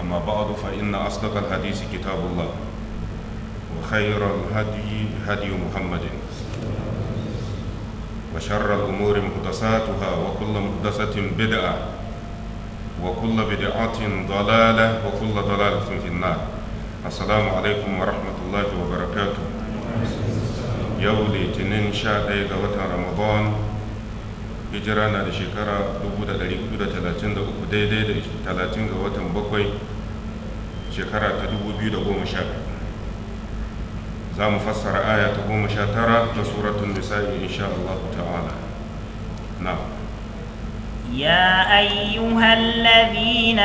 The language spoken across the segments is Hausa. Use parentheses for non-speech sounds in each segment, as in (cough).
أما بعد فإن أصدق الحديث كتاب الله وخير الهدي هدي محمد وشر الأمور محدثاتها وكل محدثة بدعة وكل بدعة ضلالة وكل ضلالة في النار السلام عليكم ورحمة الله وبركاته يولي تنين شاء رمضان hijira na da shekara 433 daidai da 30 ga watan bakwai shekara ta 2010 za mu fassara aya ta 19 ta suratun nisa'i insha Allah ta'ala labina يا أيها الذين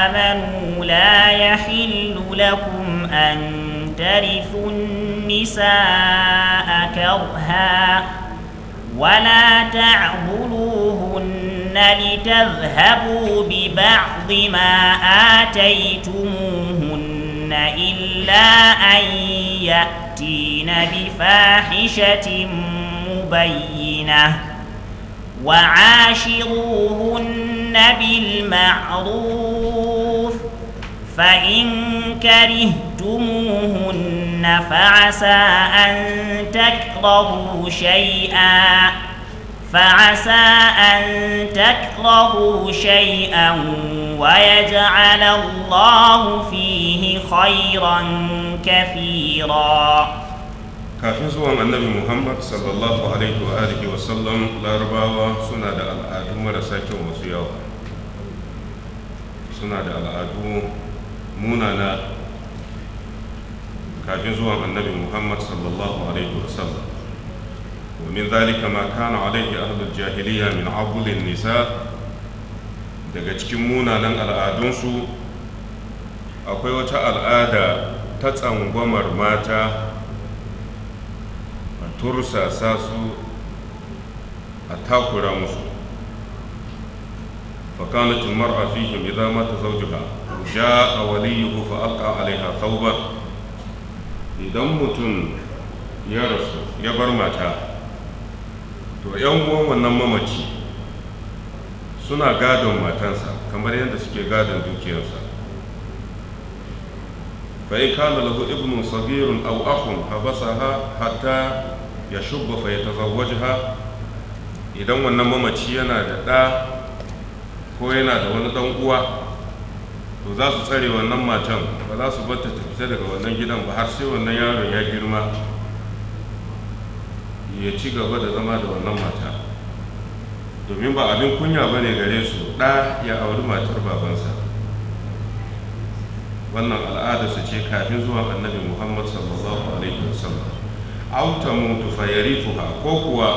آمنوا لا يحل لكم أن ترثوا النساء كرها ولا تعبدوهن لتذهبوا ببعض ما آتيتموهن إلا أن يأتين بفاحشة مبينة وعاشروهن بالمعروف فإن كرهتموهن فعسى أن تكرهوا شيئا فعسى أن تكرهوا شيئا ويجعل الله فيه خيرا كثيرا كافزوا عن النبي محمد صلى الله عليه وآله وسلم لاربا سنة الأدم ورسائل وسياوة سنة الأدم munana kafin zuwa annabi muhammad sallallahu alaihi wasallam ومن ذلك ما كان عليه أهل الجاهلية من عضل النساء daga cikin munanan al'adunsu akwai wata al'ada ta tsangwamar mata a tursasa su a takura musu fakanatin mar'a fihim idan mata zaujuha ja'a waliyuhu fa alqa alaiha thawba idan mutum ya rasu ya bar mata to yan uwan wannan mamaci suna gadon matansa kamar yadda suke gadon dukiyarsa fa kana lahu ibnu sabirun aw akhun habasaha hatta yashubba fa yatazawwajha idan wannan mamaci yana da ɗa ko yana da wani ɗan uwa to za su tsare wannan matan ba za su bata ta fita daga wannan gidan ba har sai wannan yaron ya girma ya ci gaba da zama da wannan mata domin ba abin kunya ba ne gare su ɗa ya auri matar babansa wannan al'adarsa ce kafin zuwa annabi muhammad sallallahu alaihi wasallam auta mutu fayarifuha ko kuwa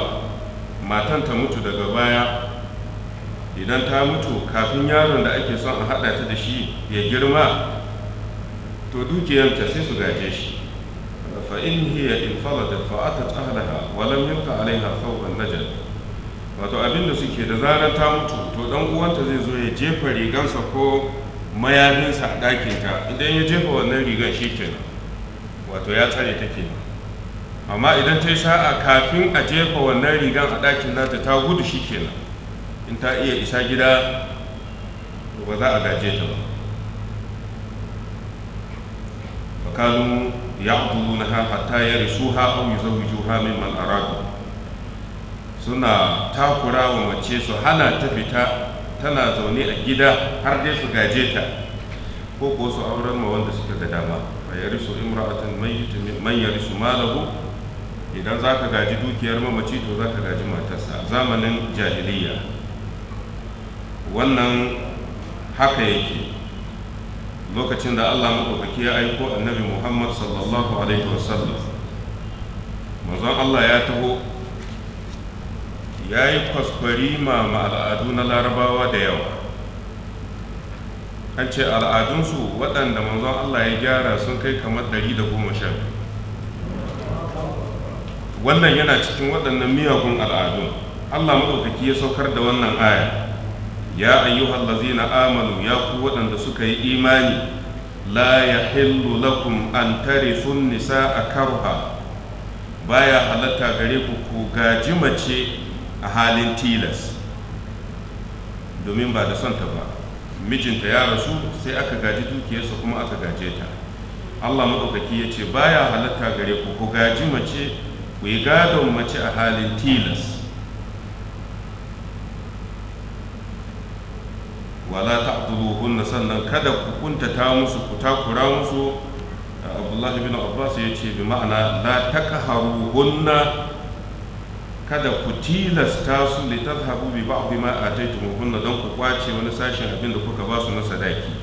matan ta mutu daga baya idan ta mutu kafin yaron da ake son a haɗa ta da shi ya girma to dukiyarta sai su gaje shi fa in hiya in faladat fa atat ahlaha wa lam yulqa alaiha thawban najat wato abin da suke da zarar ta mutu to dan uwanta zai zo ya jefa rigansa ko mayafinsa a ta idan ya jefa wannan rigan shi kenan wato ya tsare ta amma idan ta yi sa'a kafin a jefa wannan rigan a ɗakin nata ta gudu shi kenan in ta iya isa gida ba za a gaje ta ba fakalu risu, hatta yarisuha aw yuzawwijuha mimman mal'aradu suna takura wa mace su hana ta fita tana zaune a gida har dai su gaje ta ko ko su auren ma wanda suka ga dama fa yarisu imra'atan mayyitin manyan su malahu idan za ka gaji dukiyar mamaci to ka gaji matarsa zamanin jahiliya wannan haka yake lokacin da Allah maɗaukaki ya aiko annabi Muhammad sallallahu alaihi wasallam manzon Allah ya taho ya yi kwaskwari ma al'adu na larabawa da yawa an ce al'adunsu waɗanda manzon Allah ya gyara sun kai kamar ɗari da goma sha wannan yana cikin waɗannan miyagun al'adun Allah maɗaukaki ya saukar da wannan aya ya ayyuhal ladzina amanu ya ku waɗanda suka yi imani la yahillu lakum an tarithun nisaa karha baya halatta gare ku ku gaji mace a halin tilas domin ba da son ta ba mijinta ya rasu sai aka gaji dukiyarsa kuma aka gaje ta Allah maɗaukaki ya ce baya halatta gare ku ku gaji mace ku yi gadon mace a halin tilas wala hunna sannan kada ku ta musu ku takura musu Abdullahi bin Abbas ya ce bi ma'ana la hunna kada ku tilasta su li tadhhabu bi ba'd ma hunna Don ku kwace wani sashin abin da kuka ba su na sadaki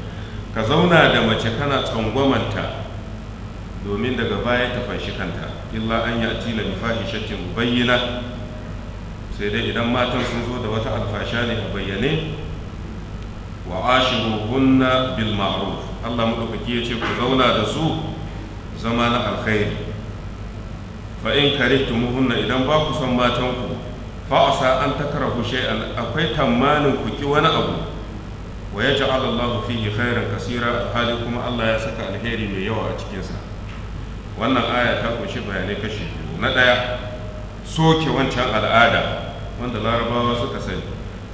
ka zauna da mace kana tsangwamanta domin daga baya ta fashi kanta illa an ya tina bi fahishatin bayyana sai dai idan matan sun zo da wata alfasha ne a bayyane wa ashiruhunna bil ma'ruf Allah madaukaki yace ku zauna da su zama na alkhairi fa in karihtumuhunna idan ba ku son matan ku fa asa an takrahu shay'an akwai tamanin ku ki wani abu wa yaj'al Allahu fihi khairan kaseera hali kuma Allah ya saka alheri mai yawa a cikin sa wannan aya ta kunshi bayanai kashi na daya soke wancan al'ada wanda larabawa suka sani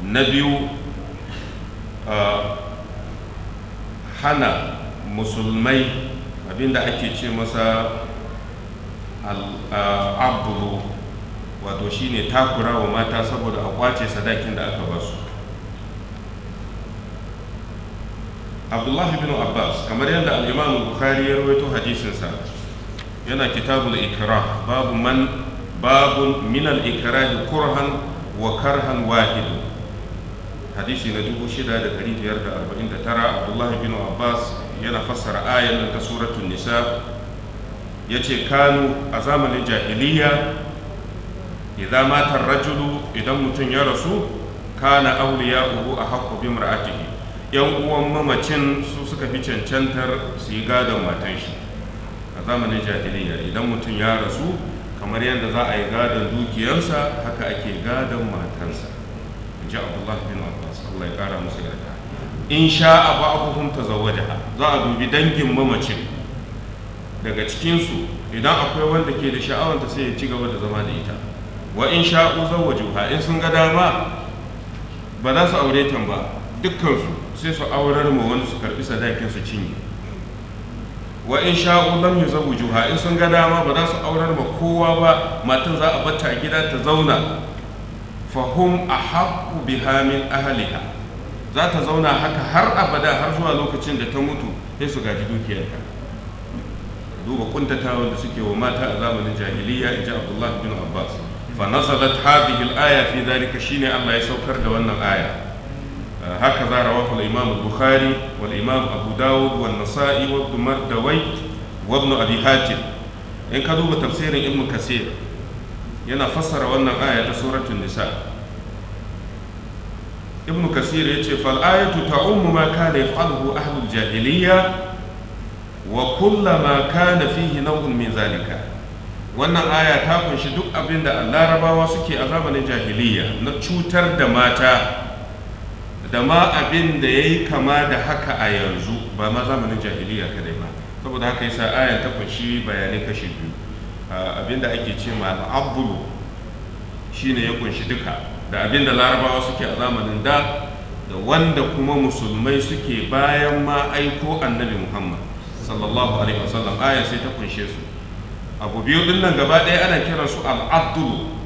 na biyu Ah, hana musulmai abinda ake ce masa al'abdulu ah, wato shine takura wa mata saboda a kwace sadakin da aka su. abdullahi bin abbas kamar yadda al'imam bukhari ya rawaito hadisinsa yana kitabul ikra babu man babun min al-ikra kurhan wa karhan wahidu. hadisi na dubu shida da da da biyar arba'in tara, abdullahi bin abbas yana fassara ayan ta suratun nisa ya ce kanu a zamanin jahiliya idan matar rajulu idan mutum ya rasu kana auliya uhu a haƙƙo bi mar'atihi yan uwan mamacin su suka fi cancantar su yi gadon matan shi a zamanin jahiliya idan mutum ya rasu kamar yadda za a yi gadon dukiyarsa haka ake gadon matansa in ji abdullahi bin abbas mai kara musu yarda in sha'a ba'dhum tazawwajaha za a dubi dangin mamacin daga cikinsu idan akwai wanda ke da sha'awanta sai ya ci gaba da zama da ita wa in sha'u zawwajuha in sun ga dama ba za su aure ta ba dukkansu sai su aurar ma wani su karbi sadakin su cinye wa in sha'u lam yuzawwijuha in sun ga dama ba za su aurar ma kowa ba matan za a bata gida ta zauna fahum a haƙu biha min ahaliha za ta zauna haka har abada har zuwa lokacin da ta mutu sai su gaji dukiyarka duba kuntatawa da suke wa mata a zamanin jahiliya in ji abdullah bin abbas fa nazalat hadhihi al-aya fi dhalika shine Allah ya saukar da wannan aya haka za rawahu al-imam bukhari wal imam abu dawud wal nasa'i wa ibn mardawai wa ibn abi hatim in ka duba tafsirin ibn kasir yana fassara wannan aya ta suratul nisa ibn kasir ya ce fal ayatu umu ma kana yaf'aluhu ahlul jahiliya wa kullama kana fihi naw'un min zalika wannan aya ta kunshi duk abin da larabawa suke a zamanin jahiliya na cutar da mata da ma abin da ya yi kama da haka a yanzu ba ma zamanin jahiliya kadai ba saboda haka yasa ayan ta kunshi bayanai kashi biyu Ah, abinda ake ce ma al'abulu shine ya kunshi duka da abinda larabawa suke a zamanin da da wanda kuma musulmai suke bayan ma aiko annabi muhammad sallallahu alaihi wasallam aya sai ta kunshe su abu biyu din nan gaba ɗaya ana kiran su al'abdulu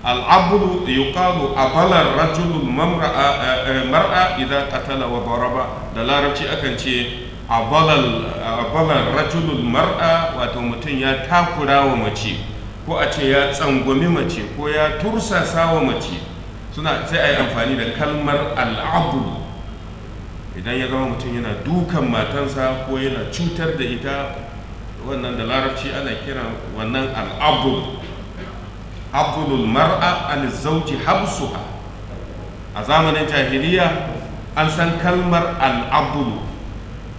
al'abdulu yuqalu abalar rajulul eh, eh, mar'a idan qatala wa baraba da larabci akan ce abalar rajulul mar'a wato mutum ya takura wa mace ko a ce ya tsangwami mace ko ya tursasa wa mace suna sai a yi amfani da kalmar al'abu idan ya zama mutum yana dukan matansa ko yana cutar da ita wannan da larabci ana kira wannan al'abul abulul mar'a an zauji habsuha a zamanin jahiliya an san kalmar al'abulu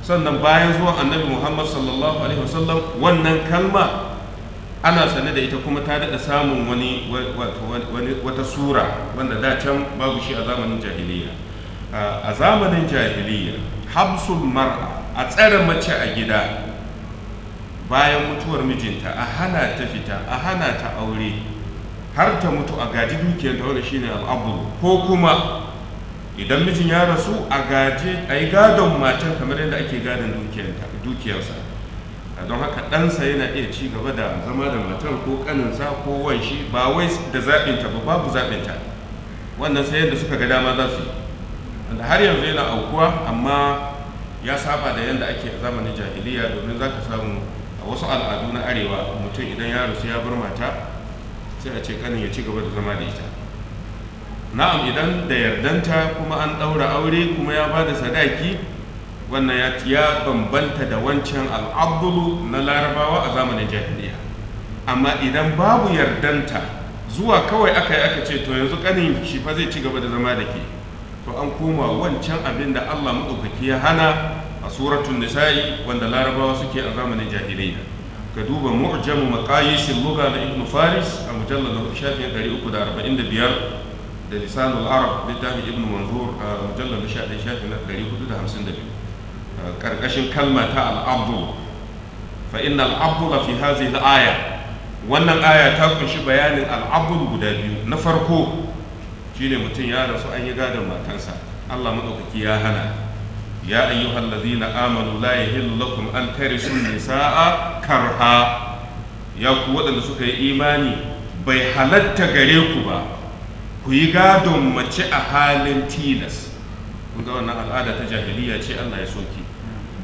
sannan bayan zuwan annabi muhammad sallallahu alaihi wasallam wannan kalma ana sane da ita kuma ta daɗa samun wani wata sura wanda da can babu shi a zamanin jahiliya ah, a zamanin jahiliya habsul mar'a a tsare mace a gida bayan mutuwar mijinta a hana ta fita a hana ta aure har ta mutu a gaji dukiyar ta wanda shine al'abu ko kuma idan mijin ya rasu a gaje a yi gadon matan kamar yadda ake gadon dukiyarsa A don haka ɗansa yana iya ci gaba da zama da matan ko ƙaninsa ko wanshi ba wai da zaɓinta ba babu zaɓinta wannan sai yadda suka ga dama za su yi wanda har yanzu yana aukuwa amma ya saba da yadda ake a zamanin jahiliya domin za ka samu a wasu al'adu na arewa mutum idan ya rasu ya bar mata sai a ce ƙanin ya ci gaba da zama da ita na'am idan da yardanta kuma an ɗaura aure kuma ya bada sadaki wannan ya ya bambanta da wancan al'abdulu na larabawa a zamanin jahiliya amma idan babu yardanta zuwa kawai aka yi aka ce to yanzu kanin shi fa zai ci gaba da zama da ke to an koma wancan abin da Allah maɗaukaki ya hana a suratun nisa'i wanda larabawa suke a zamanin jahiliya ka duba mu'jamu maqayisil lugha da ibn faris a mujallal 345 da lisanul arab littafin ibn manzur a mujallar na sha shafi na ɗari hudu da hamsin da biyu ƙarƙashin kalma ta al'abdu fa inna al'abdu fi hazi aya wannan aya ta kunshi bayanin al'abdu guda biyu na farko shine mutum ya rasu an yi gadon matansa allah maɗaukaki ya hana ya أيها الذين آمنوا لا يحل لكم أن ترثوا النساء karha. Ya قوة waɗanda suka yi imani bai halatta gare ku ba ku yi gadon mace a halin tilas kun wannan al'ada ta jahiliya ce Allah ya soki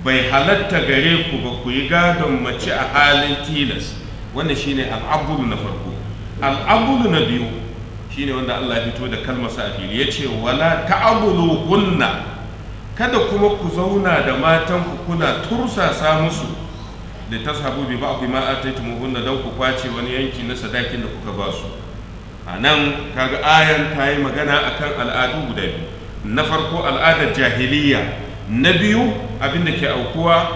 bai halatta gare ku ba ku yi gadon mace a halin tilas wannan shine al'abulu na farko al'abulu na biyu shine wanda Allah ya fito da kalmar sa a fili yace wala ta'abulu kunna. kada kuma ku zauna da matan ku kuna tursasa musu da tashabu bi ku ma ataytumuhunna dan ku kwace wani yanki na sadakin da kuka ba su a nan kaga ayan ta yi magana a kan al'adu guda biyu na farko al'adar jahiliya na biyu abinda ke aukuwa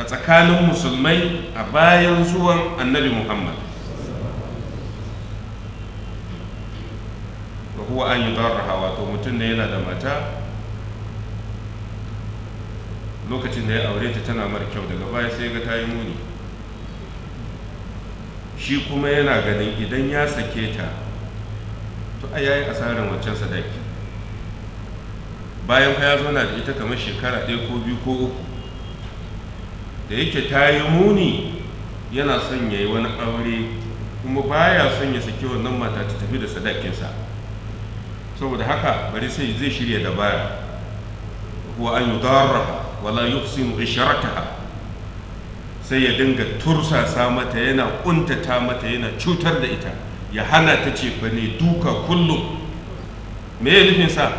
a tsakanin musulmai a bayan zuwan annabi muhammad da kuwa an yi zarraha wato mutum ne yana da mata lokacin da ya aure ta tana mara kyau daga baya sai ga ta yi muni shi kuma yana ganin idan ya sake ta to ya yi asarar wancan sadaki bayan kaya zo na da ita kamar shekara ɗaya ko biyu ko uku da yake ta yi muni yana son ya yi wani aure kuma baya son ya saki wannan mata ta tafi da sadakinsa saboda haka bari sai zai shirya da baya kuwa an yi yudarra wala yi yuhsinu isharataha sai ya dinga tursasa mata yana kuntata mata yana cutar da ita ya hana ta ce ba ne duka kullum me ya nufin sa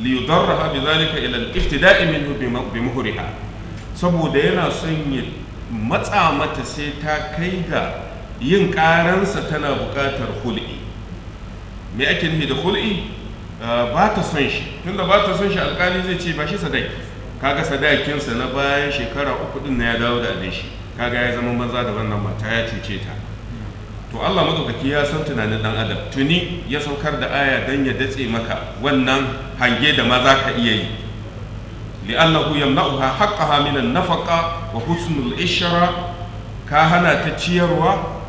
li yudarraha bi zalika ila al-iftida'i minhu bi muhriha saboda yana son ya matsa mata sai ta kai ga yin karansa tana buƙatar hul'i me ake nufi da hul'i ah, ba ta son shi tunda ba ta son shi alƙali zai ce ba shi sadaki kaga sadakinsa na bayan shekara uku din na ya dawo da shi kaga ya zama maza da wannan mata ya cuce ta to Allah madaukaki ya san tunanin dan adam tuni ya saukar da aya dan ya datse maka wannan hange da ma za ka iya yi annahu yamna'uha haqqaha min an-nafaqa wa husnul ishra ka hana ta ciyarwa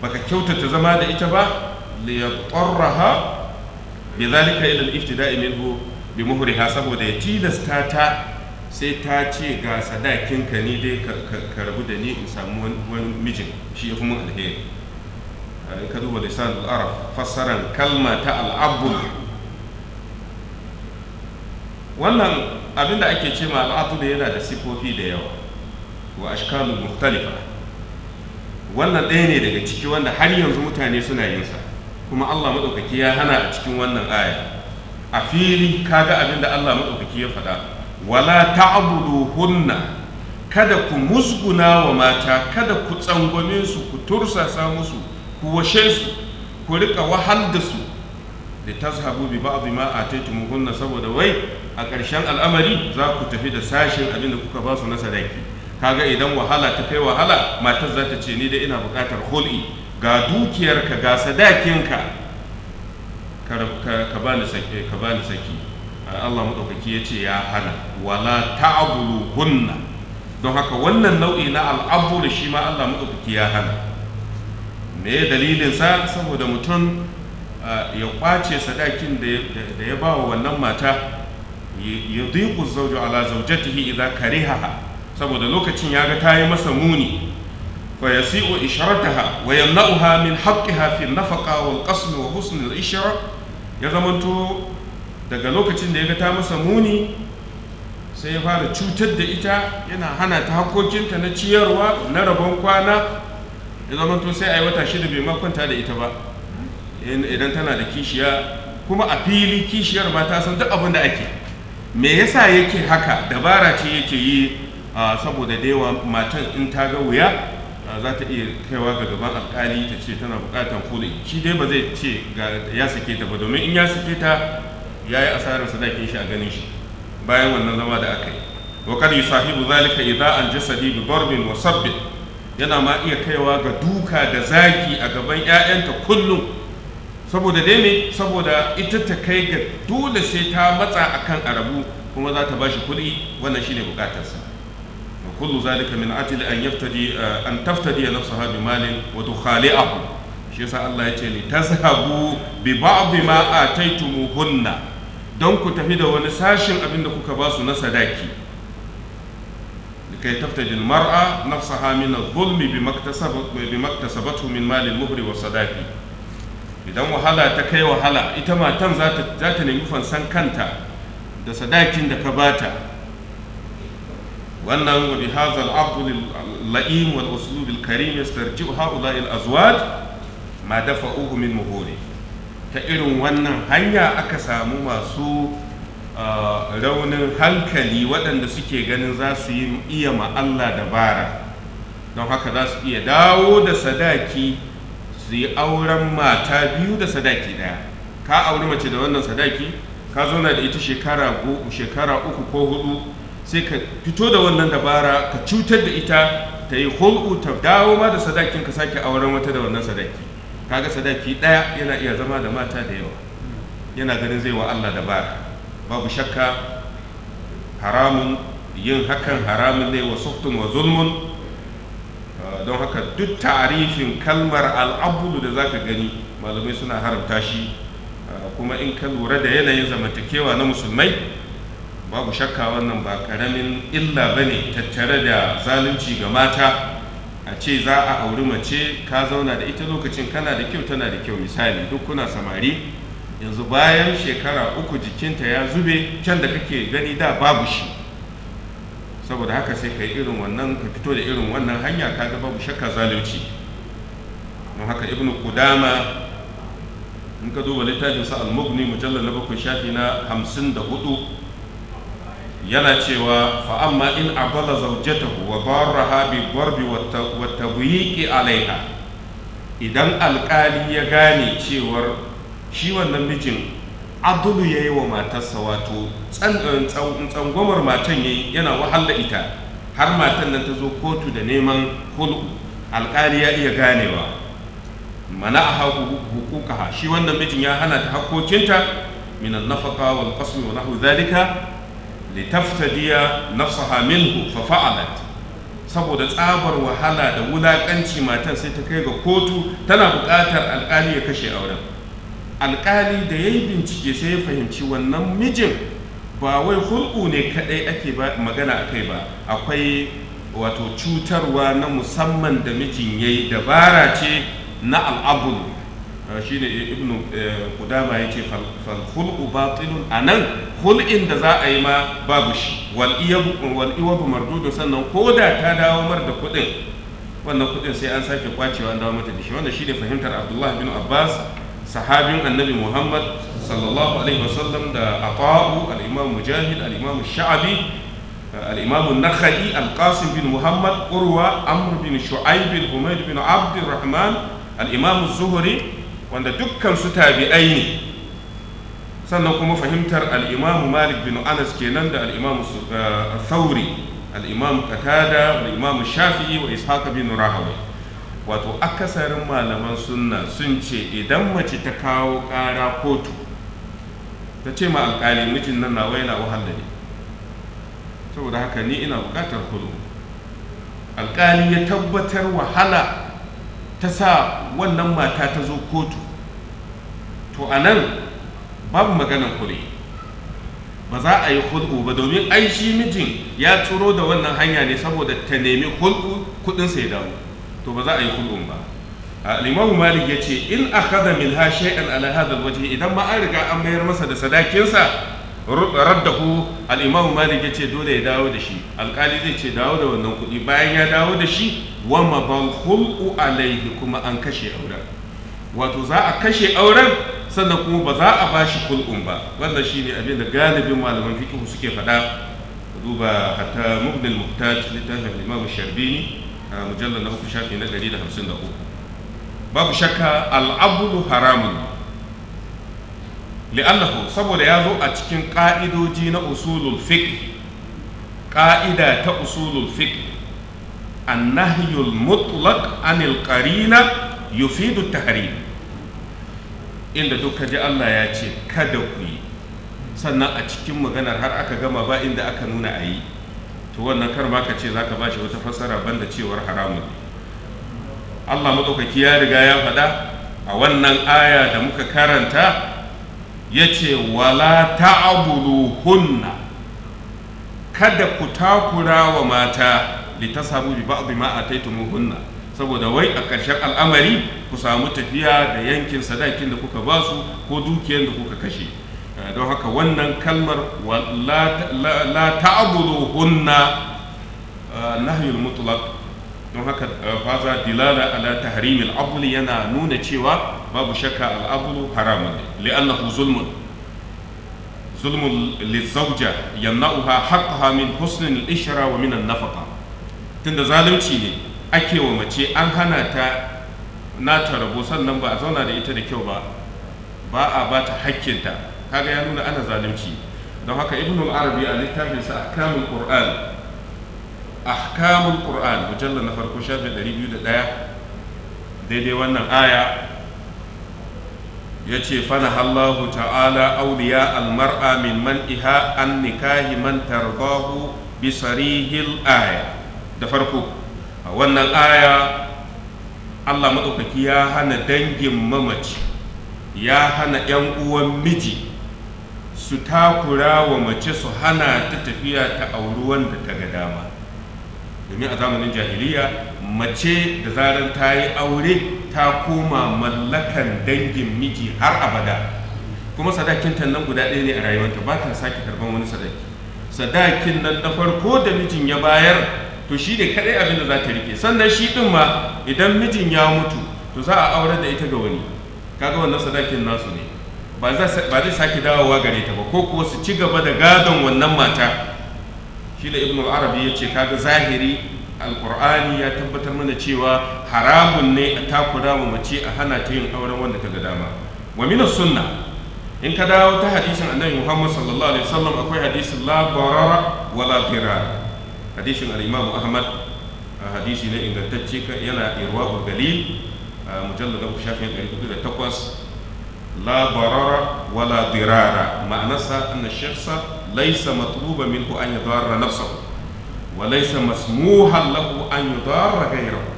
baka kyautata zama da ita ba li yaqarraha bidhalika ila al-iftida'i minhu bi muhriha saboda ya tilasta ta sai ta ce ga sadakinka ni dai ka rabu da ni in samu wani mijin shi ya fi mun alheri in ka duba lisanul arab fassaran kalma ta al'abul wannan abin da ake ce ma al'adul yana da sifofi da yawa wa ashkalul mukhtalifa wannan ɗaya ne daga ciki wanda har yanzu mutane suna yin sa kuma Allah maɗaukaki ya hana a cikin wannan aya a fili kaga abin da Allah maɗaukaki ya faɗa wala hunna kada ku musguna wa mata kada ku tsangwame su ku tursasa musu ku washe su ku rika wahal da su da tazhabu a ba'd ma ataytumuhunna saboda wai a ƙarshen al'amari za ku tafi da sashen abin da kuka ba su na sadaki kaga idan wahala ta kai wahala matar za ta ce ni da ina buƙatar hul'i ga dukiyarka ga sadakinka ka ba ni saki ka ba ni Allah madaukaki ya ce ya hana wala ta'bulu hunna don haka wannan nau'i na al'abu da shi ma Allah madaukaki ya hana me dalilinsa saboda mutum ya kwace sadakin da ya ba wa wannan mata ya diku zaujo ala zaujatihi idan karihaha saboda lokacin ya ga ta yi masa muni fa ta ha, wa na'u ha min hafi na faƙa wa wa husn al ishirar? ya zamanto daga lokacin da ya ga ta masa muni sai ya fara cutar da ita yana hana ta hakokinta na ciyarwa na rabon kwana ya zama to sai a yi wata shida bai makwanta da ita ba idan tana da kishiya kuma a fili kishiyar ma ta san duk abin da ake me yasa yake haka dabara ce yake yi saboda da yawa matan in ta ga wuya za ta iya kaiwa ga gaban alkali ta ce tana bukatar kudi shi dai ba zai ce ga ya sake ta ba domin in ya sake ta ya yi asarar sadakin shi a ganin shi bayan wannan zama da aka yi wa yi sahibu zalika idan an jasadi bi darbin wa sabbin yana ma iya kaiwa ga duka da zaki a gaban 'ya'yanta kullum saboda dai saboda ita ta kai ga dole sai ta matsa akan arabu kuma za ta bashi kuɗi wannan shine bukatarsa wa kullu zalika min ajli an yaftadi eh, an taftadi nafsaha bi malin wa tukhali'ahu shi yasa Allah ya ce li tazhabu bi ba'd ma ataytumuhunna don ku tafi da wani sashen abinda kuka ba su na sadaki kai تفتج المرأة نفسها من الظلم بما اكتسبته من مال المهر والصداق idan wahala ta kai wahala ita matan za nemi fansan kanta da sadakin da ka bata wannan wa bi hadha al-abd al-la'im wal uslub al-karim yastarji'u ha'ula al-azwaj ma dafa'uhu min muhuri ta irin wannan hanya aka samu masu raunin hankali waɗanda suke ganin za su yi iya ma'alla dabara don haka za su iya dawo da sadaki su yi auren mata biyu da sadaki ɗaya ka auri mace da wannan sadaki ka zauna da ita shekara shekara uku ko hudu sai ka fito da wannan dabara ka cutar da ita ta yi hulɓu ta dawo ma da sadakin ka sake auren wata da wannan sadaki kaga sadaki ɗaya yana iya zama da mata da yawa yana ganin zai wa Allah dabara babu shakka haramun yin hakan haramun ne wa wa zulmun ah, don haka duk tarifin kalmar al'abudu da za ka gani malamai suna haramta shi ah, kuma in ka lura da yanayin zamantakewa na musulmai babu shakka wannan ba karamin illa ba ne tattare da zalunci ga mata a ce za a auri mace ka zauna da ita lokacin kana da kyau tana da kyau misali duk kuna samari yanzu bayan shekara uku jikinta ya zube can da kake gani da babu shi saboda haka sai ka yi irin wannan ka fito da irin wannan hanya ka ga babu shakka zalunci don haka ibn kudama in ka duba littafin sa al-mughni mujallal na bakwai shafi na hamsin da hudu yana cewa fa amma in abala zaujatahu wa barraha bi gwarbi wa tabyiqi alaiha idan alkali ya gane cewar shi wannan mijin abdullu ya yi wa matarsa wato eh, tsangwamar matan ya yana wahala ita har matan nan ta zo kotu da neman hulu alkali ya iya ganewa mana a hukukaha shi wannan mijin ya hana ta hakkokinta minan nafaka wal qasmi wa nahwu dhalika na nafsaha minhu fa fa'alat saboda tsabar wahala da wulaƙanci matan sai ta kai ga kotu tana buƙatar alƙali ya kashe auren alkali da ya yi bincike sai ya fahimci wannan mijin ba wai hulɓu ne kaɗai ake magana a kai ba akwai wato cutarwa na musamman da mijin ya yi dabara ce na al'abul ah, shi ne ibn kudama eh, ya ce batilun a nan hul'in da za a yi ma babu shi wal'iwabu mardudu sannan ko da ta dawo mar da kuɗin wannan kuɗin sai an sake kwacewa an dawo mata da shi wanda shi ne fahimtar abdullahi bin abbas sahabin annabi muhammad sallallahu alaihi wasallam da ata'u al-imam mujahid al-imam sha'abi الإمام النخعي القاسم بن محمد قروة عمرو بن شعيب الحميد بن عبد الرحمن wanda dukkan su دكان ستابعين sannan kuma fahimtar al'imamu malik bin anas kenan da al'imamu uh, thauri al'imamu katada al'imamu shafi'i wa ishaq bin rahawai wato akasarin malaman sunna sun ce idan mace ta kawo ƙara kotu ta ce ma alƙali mijin nan na waina wahala ne saboda haka ni ina buƙatar kudu alƙali ya tabbatar wahala ta sa wannan mata ta zo kotu to a nan babu maganan kuri ba za a yi hulɗu ba domin aishi mijin ya turo da wannan hanya ne saboda ta nemi hulɗu kudin ya dawo to ba za a yi kul'un ba limamu malik ya ce in akhadha min ha shay'an ala hadha idan ma an riga an mayar masa da sadakinsa raddahu al-imamu malik ya ce dole ya dawo da shi alkali zai ce dawo da wannan kuɗi bayan ya dawo da shi wa mabal khul'u alayhi kuma an kashe auren wato za a kashe auren sannan kuma ba za a bashi kul'un ba wannan shine abin da galibin malaman fiqh suke faɗa duba hatta mubnil muhtaj littafin imam sharbini mujallar na uku shafi na 153 babu shakka al'abdu haramun li'allahu saboda ya zo a cikin ƙa'idoji na usulul fiqh ƙa'ida ta usulul fiqh annahyul mutlaq anil qarina yufidu tahrim inda duk ji Allah ya ce kada ku yi sannan a cikin maganar har aka gama ba inda aka nuna a yi to wannan kar ma ka ce za ka ba shi wata fassara banda cewar haramun Allah maɗaukaki ya riga ya faɗa a wannan aya da muka karanta ya ce wala hunna kada ku takura wa mata litasabu bi ba'd ma ataytumuhunna saboda wai a ƙarshen al'amari ku samu tafiya da yankin sadakin da kuka basu ko dukiyar da kuka kashe don haka wannan kalmar la ta'buduhunna uh, nahyul mutlaq don haka uh, faza dilala ala tahrimil abul yana nuna cewa babu shakka al'abulu haramun ne li'annahu zulmun zulmun lizauja yamna'uha haqqaha min husnil ishra wa min an-nafaqa tunda zalunci ne ake wa mace an hana ta nata rabo sannan ba a zauna da ita da kyau ba ba a bata hakkinta kaga ya nuna ana zalunci don haka ibn al-arabi a littafin ahkamin Ƙur'an. qur'an ahkamul qur'an mujallal na farko shafi 201 daidai wannan aya yace fana Allahu ta'ala awliya ya mara min man'iha an nikahi man tardahu bi sarihil aya da farko a wannan aya Allah maɗaukaki ya hana dangin mamaci ya hana 'yan uwan miji su takura wa mace su hana ta tafiya ta auri wanda ta ga dama domin a zamanin jahiliya mace da zarar ta yi aure ta koma mallakan dangin miji har abada kuma sadakinta nan guda ɗaya ne a rayuwarta ba ta sake karban wani sadaki sadakin nan na farko da mijin ya bayar to shi ne kaɗai abin da za ta rike sannan shi ɗin ma idan mijin ya mutu to za a aure da ita ga wani kaga wannan sadakin nasu ne ba zai sake dawowa gare ta ba ko kuwa su ci gaba da gadon wannan mata shi da ibn arabi ya ce kaga zahiri alkur'ani ya tabbatar mana cewa haramun ne a takura wa mace a hana ta yin auren wanda ta ga dama wa min sunna in ka dawo ta hadisin annabi muhammad sallallahu alaihi wasallam akwai hadisin la barara wa la hadisin al-imam ahmad hadisi ne ingantacce yana irwa dalil mujallad shafi la barara wala dirara ma'anarsa anna shakhsa laysa matluba minhu an yadarra nafsahu wa laysa masmuhan lahu an yadarra ghayrahu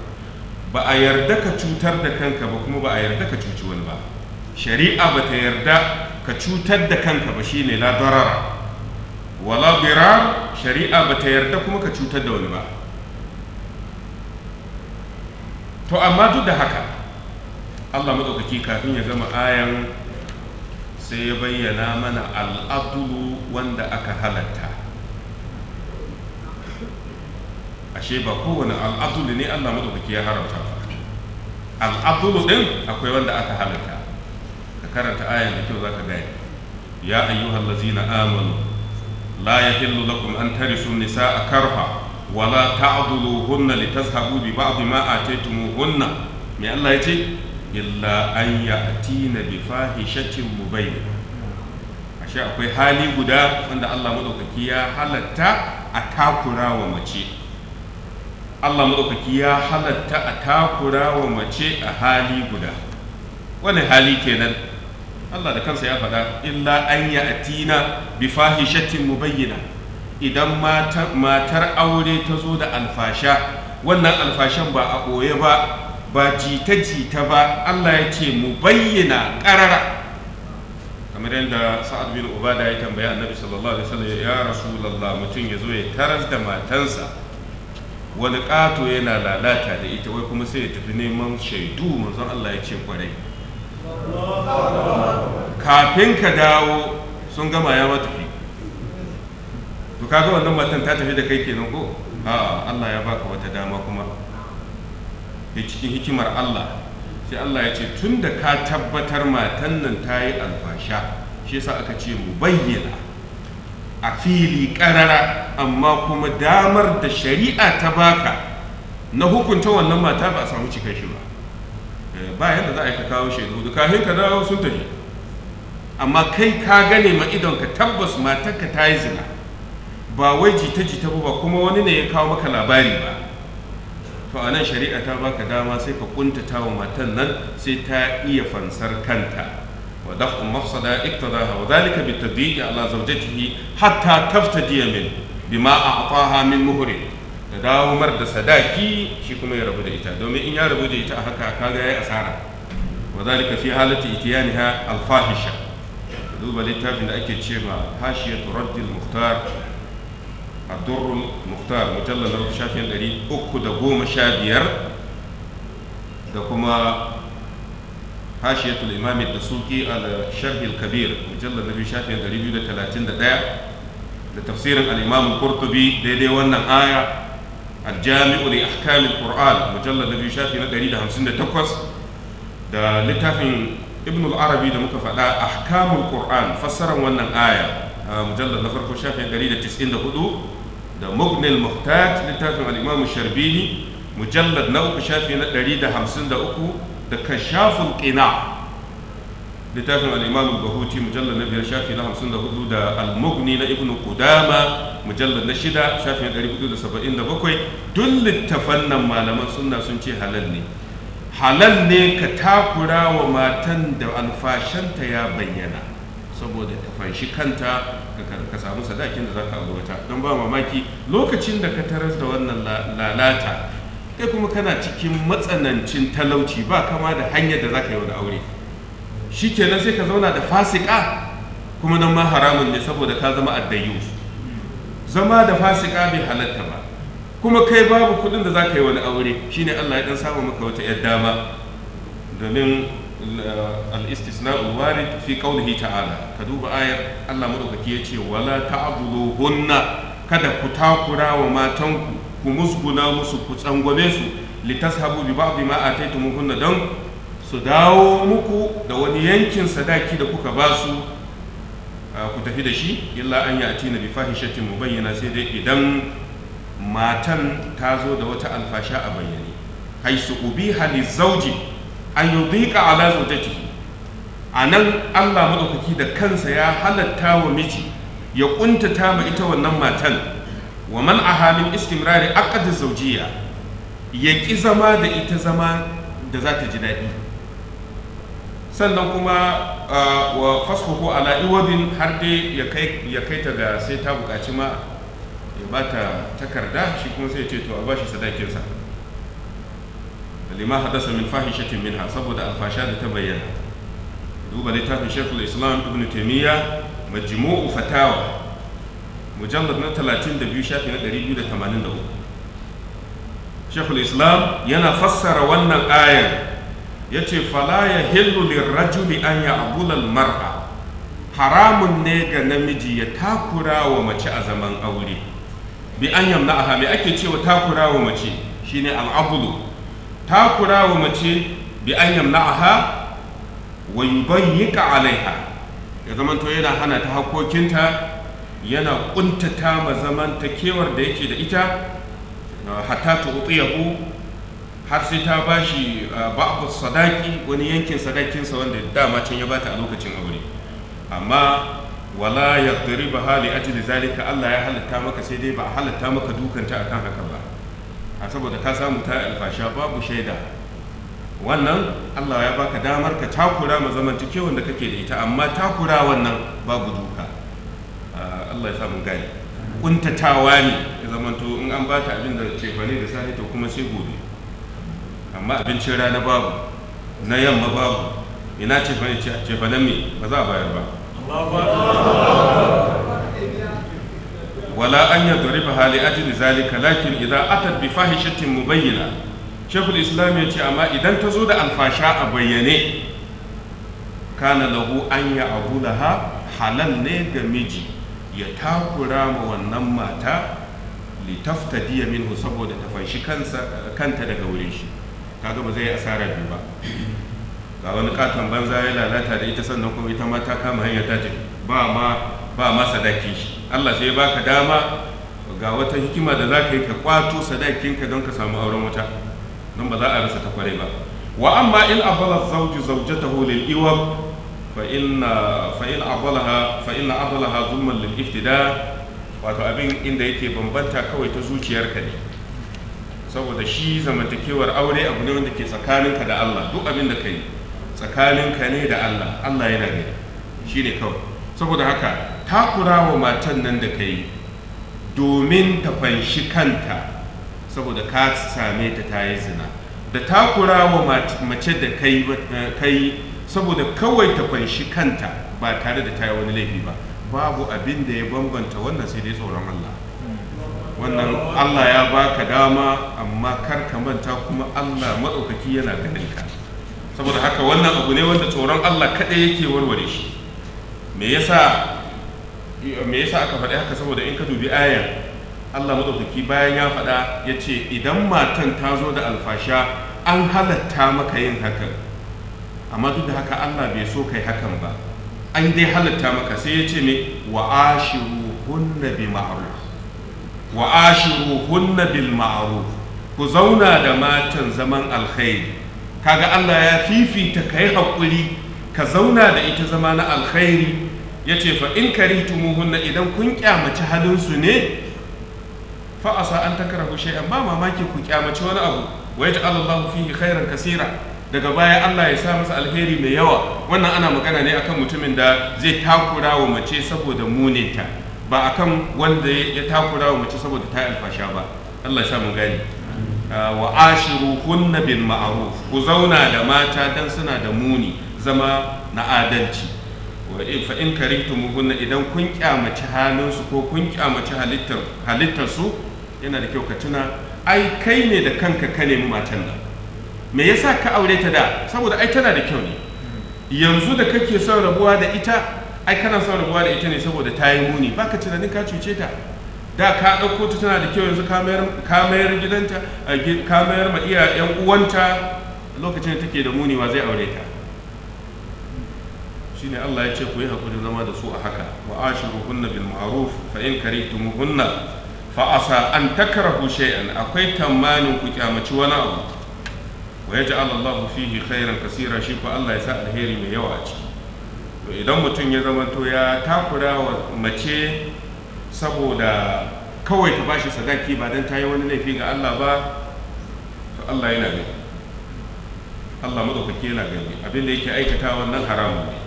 ba a yarda ka cutar da kanka ba kuma ba a yarda ka cuci wani ba shari'a ba ta yarda ka cutar da kanka ba shine la darara wala dirar shari'a ba ta yarda kuma ka cutar da wani ba to amma duk da haka Allah madaukaki kafin ya gama ayan sai ya bayyana mana al'adulu wanda aka halatta ashe ba kowane al'adulu ne Allah madaukaki ya haramta ba al'adulu din akwai wanda aka halatta ka karanta ayan da kyau zaka gane ya ayyuhal ladzina amanu la yahillu lakum an tarisu nisaa karha wala ta'dhuluhunna litazhabu bi ba'd ma ataytumuhunna me Allah yace illa an ya'tina bi fahishatin mubayyin ashe akwai hali guda wanda Allah madaukaki ya halatta a takura wa mace Allah madaukaki ya halatta a takura wa mace a hali guda wani hali kenan Allah da kansa ya faɗa illa an ya'tina bi fahishatin bayyana. idan matar aure ta zo da alfasha wannan alfashan ba a ɓoye ba ba jita-jita ba Allah ya ce mu bayyana ƙarara kamar yadda sa'ad bin ubada ya tambaya annabi sallallahu alaihi wasallam ya rasulullah mutum ya zo ya taras da matansa wani ƙato yana lalata da ita wai kuma sai ya tafi neman shaidu manzon Allah ya ce kwarai kafin ka dawo sun gama ya matafi to kaga wannan matan ta tafi da kai kenan ko a'a Allah ya baka wata dama kuma da cikin hikimar Allah sai Allah ya ce tun da ka tabbatar matan nan ta yi alfasha shi yasa aka ce mu bayyana a fili karara amma kuma damar da shari'a ta baka na hukunta wannan mata ba a samu cikin shi ba eh, ba yadda za a yi ka kawo shaidu da kafin ka dawo sun tafi amma kai ka gane ma idon ka tabbas matarka ta yi zina ba wai jita-jita ba kuma wani ne ya kawo maka labari ba to a nan shari'a ta baka dama sai ka kuntata wa matan nan sai ta iya fansar kanta wa dafu mafsada iktadaha wa zalika bi tadbiqi ala zawjatihi hatta diya min bima a'taha min muhri da dawo mar da sadaki shi kuma ya rabu da ita domin in ya rabu da ita a haka kaga yi asara wa zalika fi halati itiyaniha al-fahisha duba littafin da ake cewa hashiyatu raddil muhtar الدر المختار مجلد نبي شافين دري أكو دقوم شابير دقوما حاشية الإمام الدسوقي على شرح الكبير مجلد نبي شافين دري بيو تلاتين دا لتفسير الإمام القرطبي دي دي ونن آية الجامع لأحكام القرآن مجلد نبي شافين دري دا همسين دا تقوص دا لتافين ابن العربي دا مكفأ أحكام القرآن فسر ونن آية مجلد نفرق شافين دري دا تسئين دا هدو da mugnil muhtaj littafin al sharbini mujallad na uku shafi na 153 da kan shafin qina littafin al'Imam al-bahuti mujallad na biyar shafi na 54 da al-mughni na ibn qudama mujallad na shida shafi na 477 duk littafan nan malaman suna sun ce halal ne halal ne ka takura wa matan da alfashanta ya bayyana saboda ta fanshi kanta ka samu sadakin da za ka wata don ba mamaki lokacin da ka taras da wannan lalata kai kuma kana cikin matsanancin talauci ba kama da hanyar da za ka yi wani aure shi kenan sai ka zauna da fasika kuma nan ma haramun ne saboda ka zama addayu zama da fasika bai halatta ba kuma kai babu kuɗin da za ka yi wani aure shi ne allah ya dan samu maka wata yadda ba domin al-istisna al-warid fi ta'ala ka duba ayar Allah ya yace wala ta'dhuluhunna kada ku takura wa matanku ku musguna musu ku tsangwame su litashabu bi ba'd mu ataytumuhunna don su dawo muku da wani yankin sadaki da kuka ba su ku tafi da shi illa an a tina bi mu bayyana sai dai idan matan ta zo da wata alfasha a bayyane haisu ubiha halizauji an yudika ala zaujati a nan allah maɗaukaki da kansa ya halatta wa miji ya ta ma ita wannan matan wa man a halin istimrari aqd zaujiya ya ki zama da ita zama da za ta ji daɗi sannan kuma wa a ala iwadin har dai ya kai ta ga sai ta buƙaci ma ya ba ta takarda shi kuma sai ya ce to a bashi sadakinsa lima hadasa min fahishatin minha saboda alfasha da ta bayyana duba littafin shekul islam ibn taimiyya majmu'u fatawa mujallad na 32 shafi na 283 shekul islam yana fassara wannan ayar ya ce fala ya hillu lirrajuli an ya abulal mar'a haramun ne ga namiji ya takura wa mace a zaman aure bi an yamna a ake cewa takura wa mace shine al'abulu Ta takura wa mace bi an yi wa alai alaiha ya zamanto yana hana ta hakokinta yana kuntata ma zaman ta kewar da yake da ita hatta ta utiyahu har sai ta bashi ba'abu sadaki wani yankin sadakinsa wanda dama can ya bata a lokacin aure amma wala ya ba hali ajli zalika Allah ya halatta maka sai dai ba a halatta maka dukanta akan haka ba saboda ka samu ta alfasha babu shaida wannan Allah ya baka damar ka takura ma zamantakewan da kake da ita amma takura wannan babu duka Allah ya samu gani kuntatawa ne ya zamanto in an bata ta abin da ce bane da to kuma sai gobe amma abincin rana babu na yamma babu ina ce bane ce bane me ba za a bayar ba wala an rufe hali ajli zalika lakin idan atat bi fahishatin mubayyana shekul islam ya ce amma idan ta zo da alfasha a bayyane kana lahu anya ya abu laha ne ga miji ya takura ma wannan mata litaftadiya minhu saboda ta fanshi kanta daga wurin shi kaga ba zai asara biyu ba ga wani katon banza ya lalata da ita sannan kuma ita mata kama hanyar ta ba ma ba ma sadakin shi Allah sai baka dama ga wata hikima da za ka yi ka kwato sadakinka don ka samu auren wata don ba za a rasa ta kwarai ba wa amma in abala zawju zawjatahu lil iwab fa in abalaha fa inna abalaha lil iftida wato abin inda yake bambanta kawai ta zuciyarka ne saboda shi zamantakewar aure abu ne wanda ke tsakaninka da Allah duk abin da kai tsakaninka ne da Allah Allah yana gani ne kawai saboda haka takura wa matan nan da ka yi domin ta fanshi kanta saboda ka same ta ta yi zina da takura wa mace da ka yi saboda kawai ta fanshi kanta ba tare da ta yi wani laifi ba babu abin da ya bambanta wannan sai dai tsoron Allah wannan Allah ya baka dama amma kar ka manta kuma Allah maɗaukaki yana ganin ka saboda haka wannan abu ne wanda tsoron Allah kaɗai yake warware shi me yasa me yasa aka faɗi haka saboda in ka dubi ayan Allah madaukaki bayan ya faɗa ya ce idan matan ta zo da alfasha an halatta maka yin hakan amma duk da haka Allah bai so kai hakan ba an dai halatta maka sai ya ce ne wa ashiru hunna bi ma'ruf wa ashiru hunna bil ma'ruf ku zauna da matan zaman alkhairi kaga Allah ya fifita kai hakuri ka zauna da ita zama na alkhairi ya ce fa in karihtumuhunna idan kun kyamaci halinsu ne fa an takrahu shay'an ba mamaki ku kyamaci wani abu wa yaj'al Allah fihi khairan kasira? daga baya Allah ya sa masa alheri mai yawa wannan ana magana ne akan mutumin da zai takura wa mace saboda muninta ba akan wanda ya takura wa mace saboda ta alfasha ba Allah ya sa mu gani ah, wa ashiruhunna bil ma'ruf ku zauna da mata dan suna da muni zama na adalci wa in karihtumuhunna idan kun kyamaci halinsu ko kun kyamaci halittarsu yana da kyau ka tuna ai kai ne da kanka ka nemi matan nan me yasa ka aure ta da saboda ai tana da kyau ne yanzu da kake son rabuwa da ita ai kana son rabuwa da ita ne saboda ta yi muni Ba ka tunanin ka cuce ta da ka ɗauko ta tana da kyau yanzu ka mayar gidanta ka mayar ma iya yan uwanta lokacin da take da muni wa zai aure ta shine Allah ya ce ku yi hakuri zama da su a haka wa ashiruhunna bil ma'ruf fa in karihtumuhunna fa asa an takrahu shay'an akwai tamanin ku kyamaci wani abu wa yaj'al Allah fihi khairan kaseera shi ku Allah ya sa alheri mai yawa a ciki to idan mutum ya zamanto ya takura wa mace saboda kawai ta bashi sadaki ba dan ta yi wani laifi ga Allah ba to Allah yana gani Allah madaukake yana gani abin da yake aikata wannan haramun ne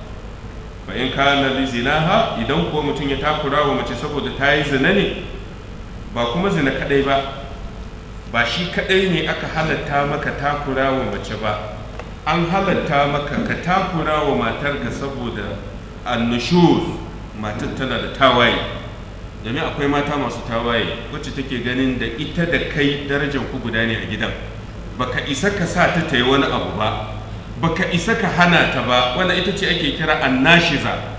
fa in kana li zinaha idan ko mutum ya takura wa mace saboda ta yi zina ne ba kuma zina kadai ba ba shi kadai ne aka halatta maka takura wa mace ba an halatta maka ka takura wa matar ga saboda annushur matar tana da tawaye domin akwai mata masu tawaye wacce take ganin da ita da kai darajar ku guda ne a gidan baka isa ka sa ta ta yi wani abu ba baka isa ka hana ta ba wanda ita ce ake kira annashiza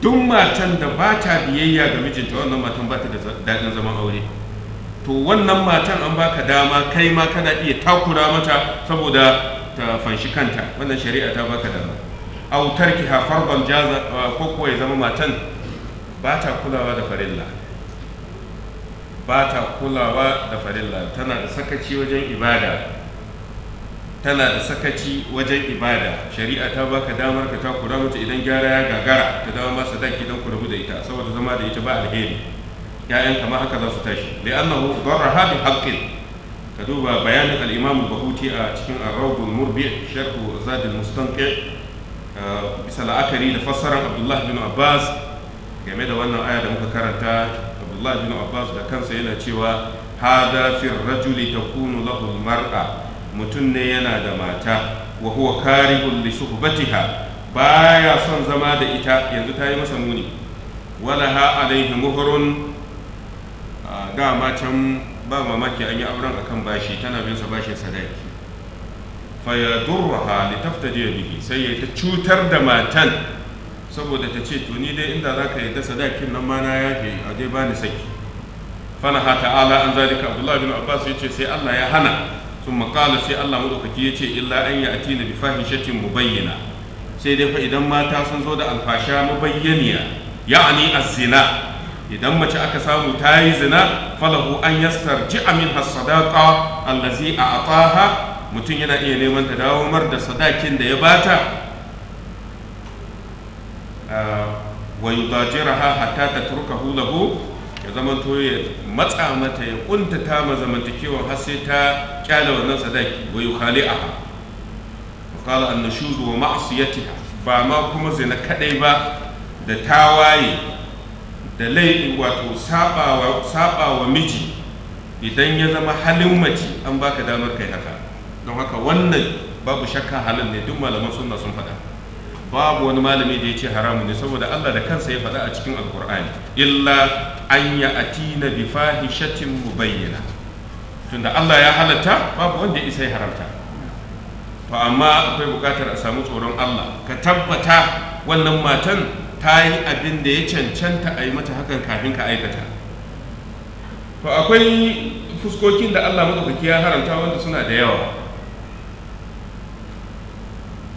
duk matan da ba ta biyayya ga mijinta wannan matan ba ta da daɗin zaman aure to wannan matan an baka dama kai ma kana iya takura mata saboda ta fanshi kanta wannan shari'a ta baka dama autar ki hafar jaza ko kuwa ya zama matan ba ta kulawa da farilla ba ta kulawa da farilla tana da sakaci wajen ibada tana da sakaci wajen ibada shari'a ta baka damar ka takura mata idan gyara ya gagara ta dama masa daki don ku rabu da ita saboda zama da ita ba alheri ya'yan kama haka za su tashi da annahu darraha bi ka duba bayanin al-imam bahuti a cikin ar-rawd al-murbi sharh bisa la'akari da fassarar abdullah bin abbas game da wannan aya da muka karanta abdullah bin abbas da kansa yana cewa hada fi rajuli takunu lahu mara mutum ne yana da mata wa huwa karihun li suhbatiha baya son zama da ita yanzu ta yi masa muni wala ha alaihi muhrun ga can ba mamaki an yi auren akan bashi tana bin sa bashin sadaki fa ya li taftaji bihi sai ya ta cutar da matan saboda ta ce to ni dai inda zaka yarda sadakin nan ma na yafe a dai bani saki fanaha ta'ala an zalika abdullahi bin abbas yace sai Allah ya hana sun makala sai Allah maɗaukaki ya ce illa an yi atina bi fahishatin mubayyana sai dai fa idan mata sun zo da alfasha mubayyaniya ya'ani az-zina idan mace aka samu ta yi zina falahu an yastarji amin as-sadaqa a a'taha mutum yana iya neman ta dawo mar da sadakin da ya bata ah, wa yudajiraha hatta hula lahu ya zama to ya matsa mata ya kuntata ma zamantakewar har sai ta kyale wannan sadaki wa yukhali'aha wa qala an-nushuz wa ma'siyatiha ba ma kuma zina kadai ba da tawaye da laifi wato saba wa miji idan ya zama halin mace an baka damar kai haka don haka wannan babu shakka halin ne duk malaman sunna sun faɗa babu wani malami da ya ce haramu ne saboda Allah da kansa ya faɗa a cikin alkur'ani illa an ya atina bi fahishatin mubayyana tunda Allah ya halatta babu wanda ya isa ya haramta to amma akwai buƙatar a samu tsoron Allah ka tabbata wannan matan ta yi abin da ya cancanta a yi mata hakan kafin ka aikata to akwai fuskokin da Allah madaukaki ya haramta wanda suna da yawa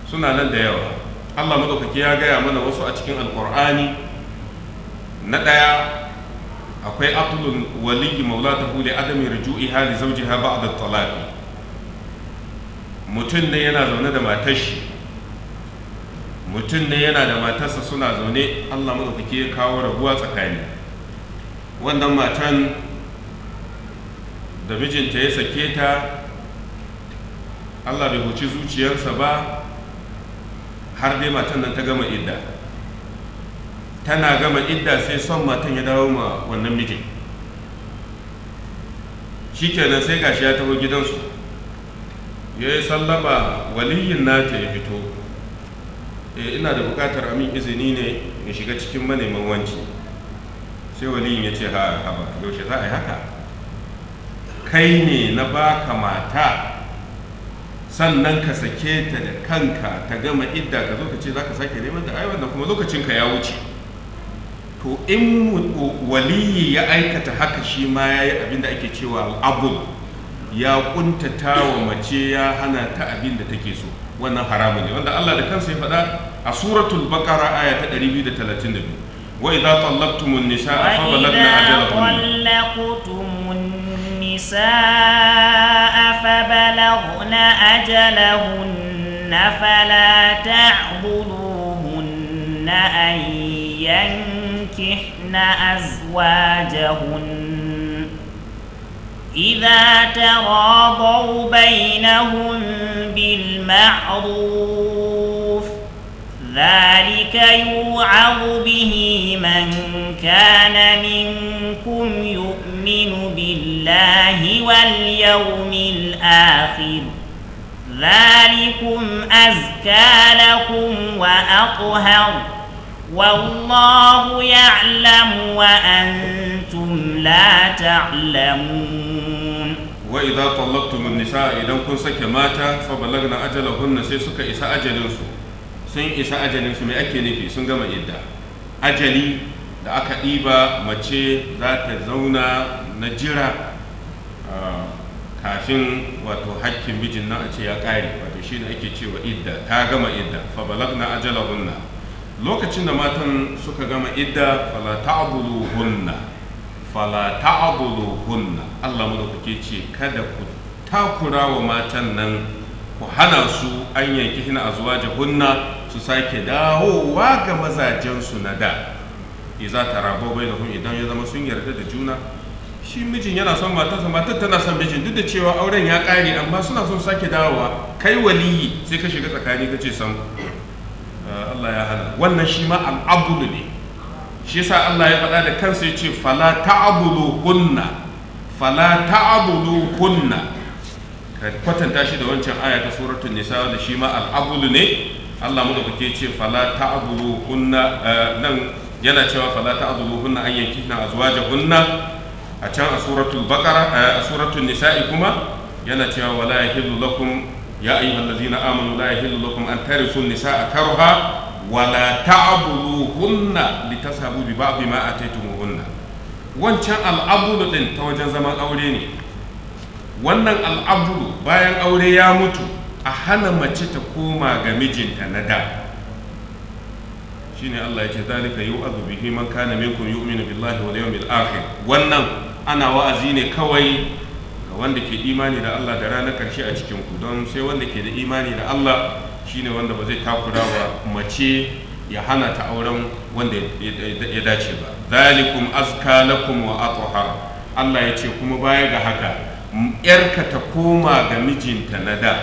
suna nan da yawa Allah madaukaki ya gaya mana wasu a cikin alkur'ani na ɗaya akwai aqlun waliyyi ta hule adami ruju'iha li zawjiha ba'da talaq mutum ne yana zaune da matar mutum ne yana da matarsa suna zaune Allah madaukaki ya kawo rabuwa tsakani wannan matan da mijinta ya sake ta Allah bai huci zuciyarsa ba har dai matan nan ta gama idda tana gama idda sai son matan ya dawo ma wannan mijin shikenan sai gashi ya taho gidansu ya yi sallama waliyin nata ya fito eh, ina da bukatar amin izini ne ya shiga cikin maneman wanci sai waliyin ya ce ha haba yaushe za a yi haka kai ne na baka mata sannan ka sake ta da kanka ta gama idda ka zo ka ce za ka sake neman da ai wannan kuma lokacinka ya wuce to in waliyi ya aikata haka shi ma ya yi abin da ake cewa abu ya kuntata wa mace ya hana ta abin da take so wannan haramun ne wanda Allah da kansa ya faɗa a suratul baqara aya ta 232 wa idza tallaqtumun nisaa fa balagna ajalahunna wa idza tallaqtumun nisaa fa أجلهن فلا تعبدوهن أن ينكحن أزواجهن إذا تراضوا بينهم بالمعروف ذلك يوعظ به من كان منكم يؤمن بالله واليوم الآخر ذلكم أزكى لكم وأطهر والله يعلم وأنتم لا تعلمون وإذا طلقتم النساء إذا كن سك ماتا فبلغن أجلهن سي سك إسا أجلنسو سن إسا أجلنسو ما أكي نفي سن gama idda ajali da aka ɗiba mace za ta zauna na jira kafin wato hakkin mijin nan a ce ya ƙare wato shi ne ake cewa idda ta gama idda fa balagna ajalahunna lokacin da matan suka gama idda fala ta'buluhunna fala ta'buluhunna Allah madaukake ce kada ku takura wa matan nan ku hana su an yanki hina azwajahunna su sake dawowa ga mazajen su na da iza tarabo bainahum idan ya zama sun yarda da juna shi mijin yana son matarsa matar tana son mijin duk da cewa auren ya ƙare amma suna son sake dawowa kai waliyi sai ka shiga tsakani ka ce san ah, Allah ya hana wannan shi ma al'abudu ne shi yasa Allah ya faɗa da kansa ya ce fala ta'budu hunna fala ta'budu hunna ka kwatanta shi da wancan aya ta suratul nisa wanda shi ma al'abudu ne Allah mu da kuke ce fala ta'budu hunna ah, nan yana cewa fala ta'budu hunna an yankihna azwajahunna a can a suratul baqara a suratul nisa'i kuma yana cewa wala yahillu lakum ya ayyuhallazina amanu la yahillu lakum an tarithu nisa'a karha wala ta'buduhunna litashabu bi ba'd ma ataytumuhunna wancan al'abudu din ta wajen zaman aure ne wannan al'abudu bayan aure ya mutu a hana mace ta koma ga mijinta na da shine Allah ya ce zalika yu'adhu bihi man kana minkum yu'minu billahi wal yawmil akhir wannan ana wa'azi ne kawai ga wanda ke imani da Allah da ranar karshe a cikin ku don sai wanda ke da imani da Allah shine wanda ba zai takura wa mace ya hana ta auren wanda ya dace ba zalikum azka lakum wa athhar Allah ya ce kuma baya ga haka yarka ta koma ga mijinta na da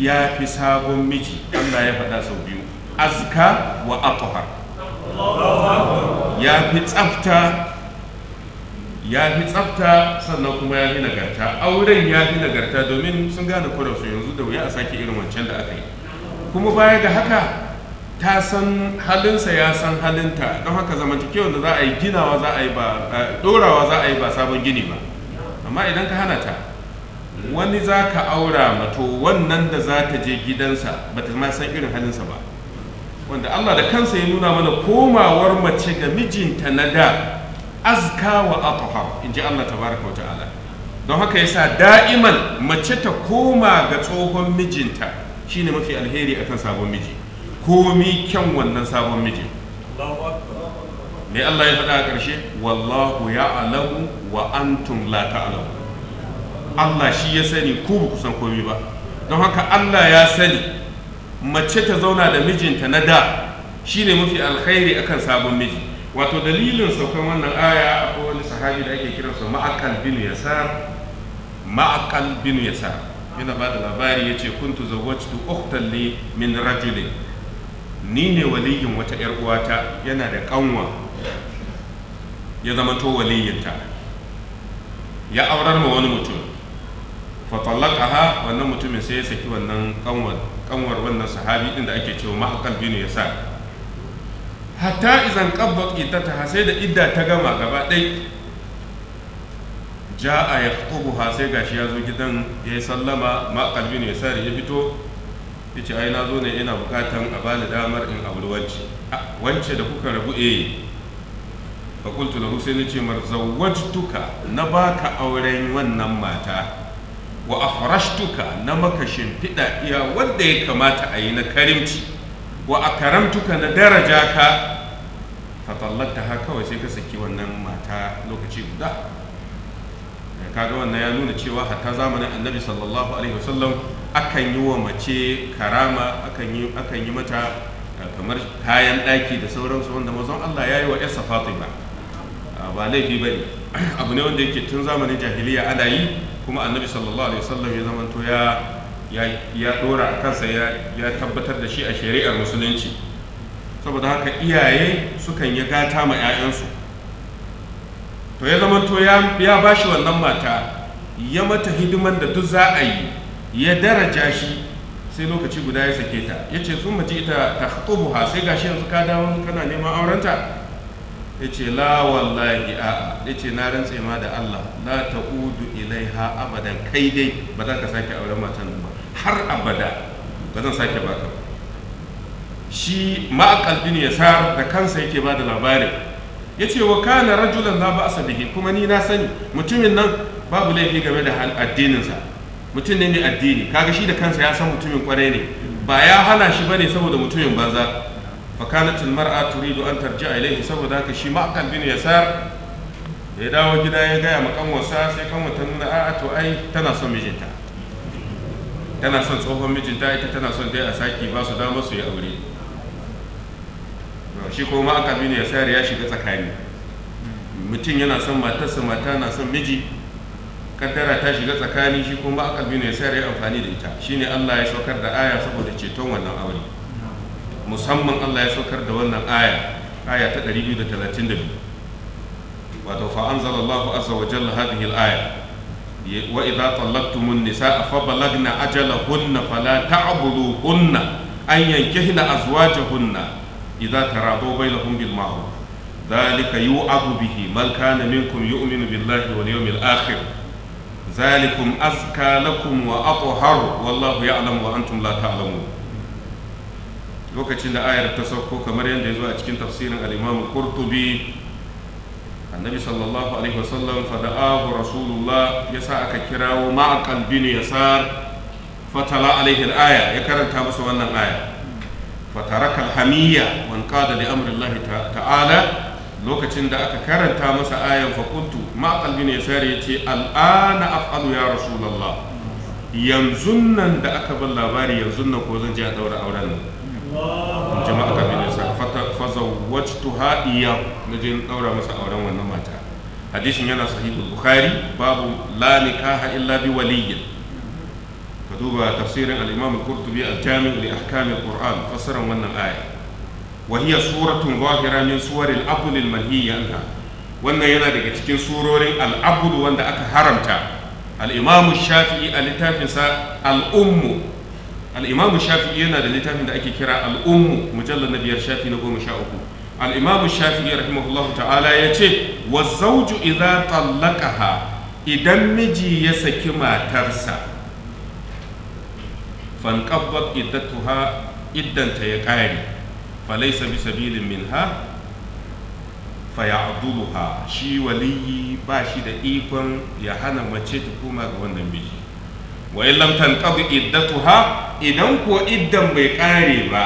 ya fi sabon miji Allah ya faɗa sau biyu azka wa aqhar ya fi tsafta ya sannan kuma ya fi nagarta auren ya fi nagarta domin sun gane kuransu yanzu da wuya a sake irin wancan da aka yi kuma baya da haka ta san halinsa ya san halinta don haka zamantakewar da za a yi ginawa za a yi ba dorawa za a yi ba sabon gini ba amma idan ka hana ta wani za ka aura mato wannan da za ta je gidansa ba ta ma san irin halinsa ba wanda Allah da kansa ya nuna mana komawar mace ga mijinta na da azka wa atahar in ji Allah tabaraka wa ta'ala don haka yasa da'iman mace ta koma ga tsohon mijinta shine mafi alheri akan sabon miji komi kyan wannan sabon miji. me Allah ya faɗa a ƙarshe wallahu ya'lamu wa antum la ta'lamu Allah shi ya sani ko ba ku san komai ba don haka Allah ya sani mace ta zauna da mijinta na da ne mafi alkhairi akan sabon miji wato dalilin saukan wannan aya akwai wani sahabi da ake kiransa ma'akal bin yasar ma'akal bin yasar yana ba da labari ya ce kuntu zawwajtu tu li min rajulin ni ne waliyin wata yar uwata yana da kanwa ya zama to waliyinta ya aurar ma wani mutum fatallaka ha wannan mutumin sai ya saki wannan kanwar kanwar wannan sahabi din da ake cewa ne ya sa hatta izan ita ta sai da idda ta gama gaba dai ja'a yaqtubuha sai gashi ya zo gidan ya sallama ma kalbin ne ya fito yace ai na zo ne ina bukatan a bani damar in auri wance wance da kuka rabu eh fa qultu lahu sai nace marzawajtuka na baka auren wannan mata wa afrashtuka na maka shimfiɗa iya wanda ya kamata a yi na karimci wa karamtuka na daraja ka fatallata ha kawai sai ka saki wannan mata lokaci guda eh, kaga wannan ya nuna cewa hatta zamanin annabi sallallahu alaihi wasallam akan yi wa mace karama akan yi mata eh, kamar kayan ɗaki da sauransu wanda mazan Allah ya yi wa ‘yarsa Fatima ah, ba laifi ba ne (clears throat) abu ne wanda yake tun zamanin jahiliya ana yi kuma annabi sallallahu alaihi wasallam ya to ya ya dora a kansa ya tabbatar da shi a shari'ar musulunci saboda haka iyaye sukan ya gata ma 'ya'yansu to ya zamanto ya ba shi wannan mata ya mata hidiman da duk za a yi ya daraja shi sai lokaci guda ya sake ta yace ce sun mace ita ta buha sai gashi yanzu ka dawo kana neman aurenta ya ce la wallahi a'a ya ce na rantse ma da Allah la ta'udu ilaiha abadan kai dai ba za ka sake auren matan ba har abada ba zan sake ba ka. shi ma'aqal bin yasa da kansa yake ba da labarin ya ce wa kana rajulan la ba'sa bihi kuma ni na sani mutumin nan babu laifi game da addininsa mutum ne mai addini kaga shi da kansa ya san mutumin kwarai ne ba ya hana shi ba ne saboda mutumin banza fakanatul mar'a turidu an tarji'a ilaihi saboda haka shi ma'akal bin yasar ya dawo gida ya gaya ma kanwarsa sai kanwar ta nuna a'a to ai tana son mijinta tana son tsohon mijinta ita tana son dai a saki ba su dama su yi aure shi kuma ko ma'akal bin yasar ya shiga tsakani mutum yana son matarsa mata na son miji kaddara ta shiga tsakani shi kuma ma'akal bin yasar ya amfani da ita shine Allah ya saukar da aya saboda ceton wannan aure musamman Allah ya saukar da wannan aya aya ta 232 wato fa anzalallahu azza wa jalla hadhihi al-aya wa idza tallaqtumun nisaa fa balagna ajalahunna fala ta'buduhunna an yankihna azwajahunna idza taradu bainahum bil ma'ruf ذلك يوعظ به من كان منكم يؤمن بالله واليوم الآخر ذلكم أزكى لكم وأطهر والله يعلم وأنتم لا تعلمون lokacin da ayar ta sauko kamar yadda ya zo a cikin tafsirin alimamin kurtubi annabi sallallahu alaihi wasallam fada'ahu rasulullah yasa aka kirawo ma'aqal bin yasar fatala alaihi aya ya karanta masa wannan aya fataraka hamiya hamiyya wan qada li ta'ala lokacin da aka karanta masa ayan fakuntu ma'aqal bin yasar yace al'ana af'alu ya rasulullah yanzun nan da aka bar labari yanzun nan ko zan je a daura auren nan jama'a kafin nisa fazawwajtuha iyahu naje in daura masa auren wannan mata hadisin yana sahihul bukhari babu la nikaha illa bi ka duba tafsirin al-imam al-qurtubi al-jami' li ahkam al-qur'an fassaran wannan aya wa hiya suratun zahira min suwaril abd al anha wannan yana daga cikin surorin al wanda aka haramta al-imam shafi'i a littafinsa al-ummu al'imamu shafi'i yana da littafin da ake kira al'ummu mujallar na biyar shafi na goma sha uku al'imamu shafi'i rahimahullah ta'ala ya ce wa zauju idza tallaqaha idan miji ya saki matarsa fanqabbat iddatuha iddanta ya kare falaysa bi sabilin minha faya'duluha shi waliyi ba shi da ikon ya hana mace ta koma ga wannan miji wa illam tanqadi iddatuha idan kuwa iddan bai kare ba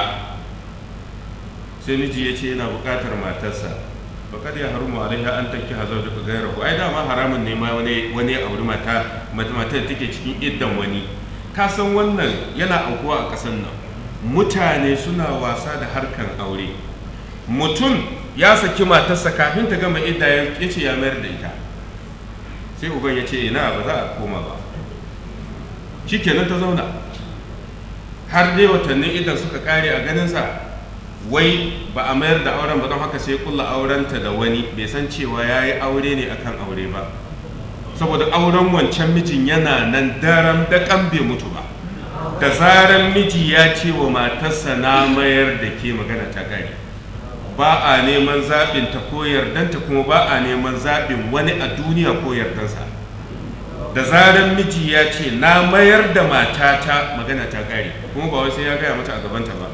sai miji yace yana bukatar matarsa fakad ya harumu alaiha an tanki hazar da gaira ko ai dama haramun ne ma wani wani auri mata mata take cikin iddan wani ka san wannan yana aukuwa a kasan nan mutane suna wasa da harkan aure mutum ya saki matarsa kafin ta gama idda ya ce ya mayar da ita sai uban ya ce ina ba za a koma ba shi kenan ta zauna har dai watannin idan suka kare a ganinsa wai ba a mayar da auren ba don haka sai kulla aurenta da wani bai san cewa ya yi aure ne akan aure ba saboda auren wancan mijin yana nan daren daƙan bai mutu ba da zaran miji ya ce wa matarsa na mayar da ke magana ta gari ba a neman zaɓin ta ko yardanta kuma ba a neman zaɓin wani a duniya ko yardansa da zaran miji ya ce na mayar da matata magana ta kare kuma ba wai ya gaya mata a gabanta ba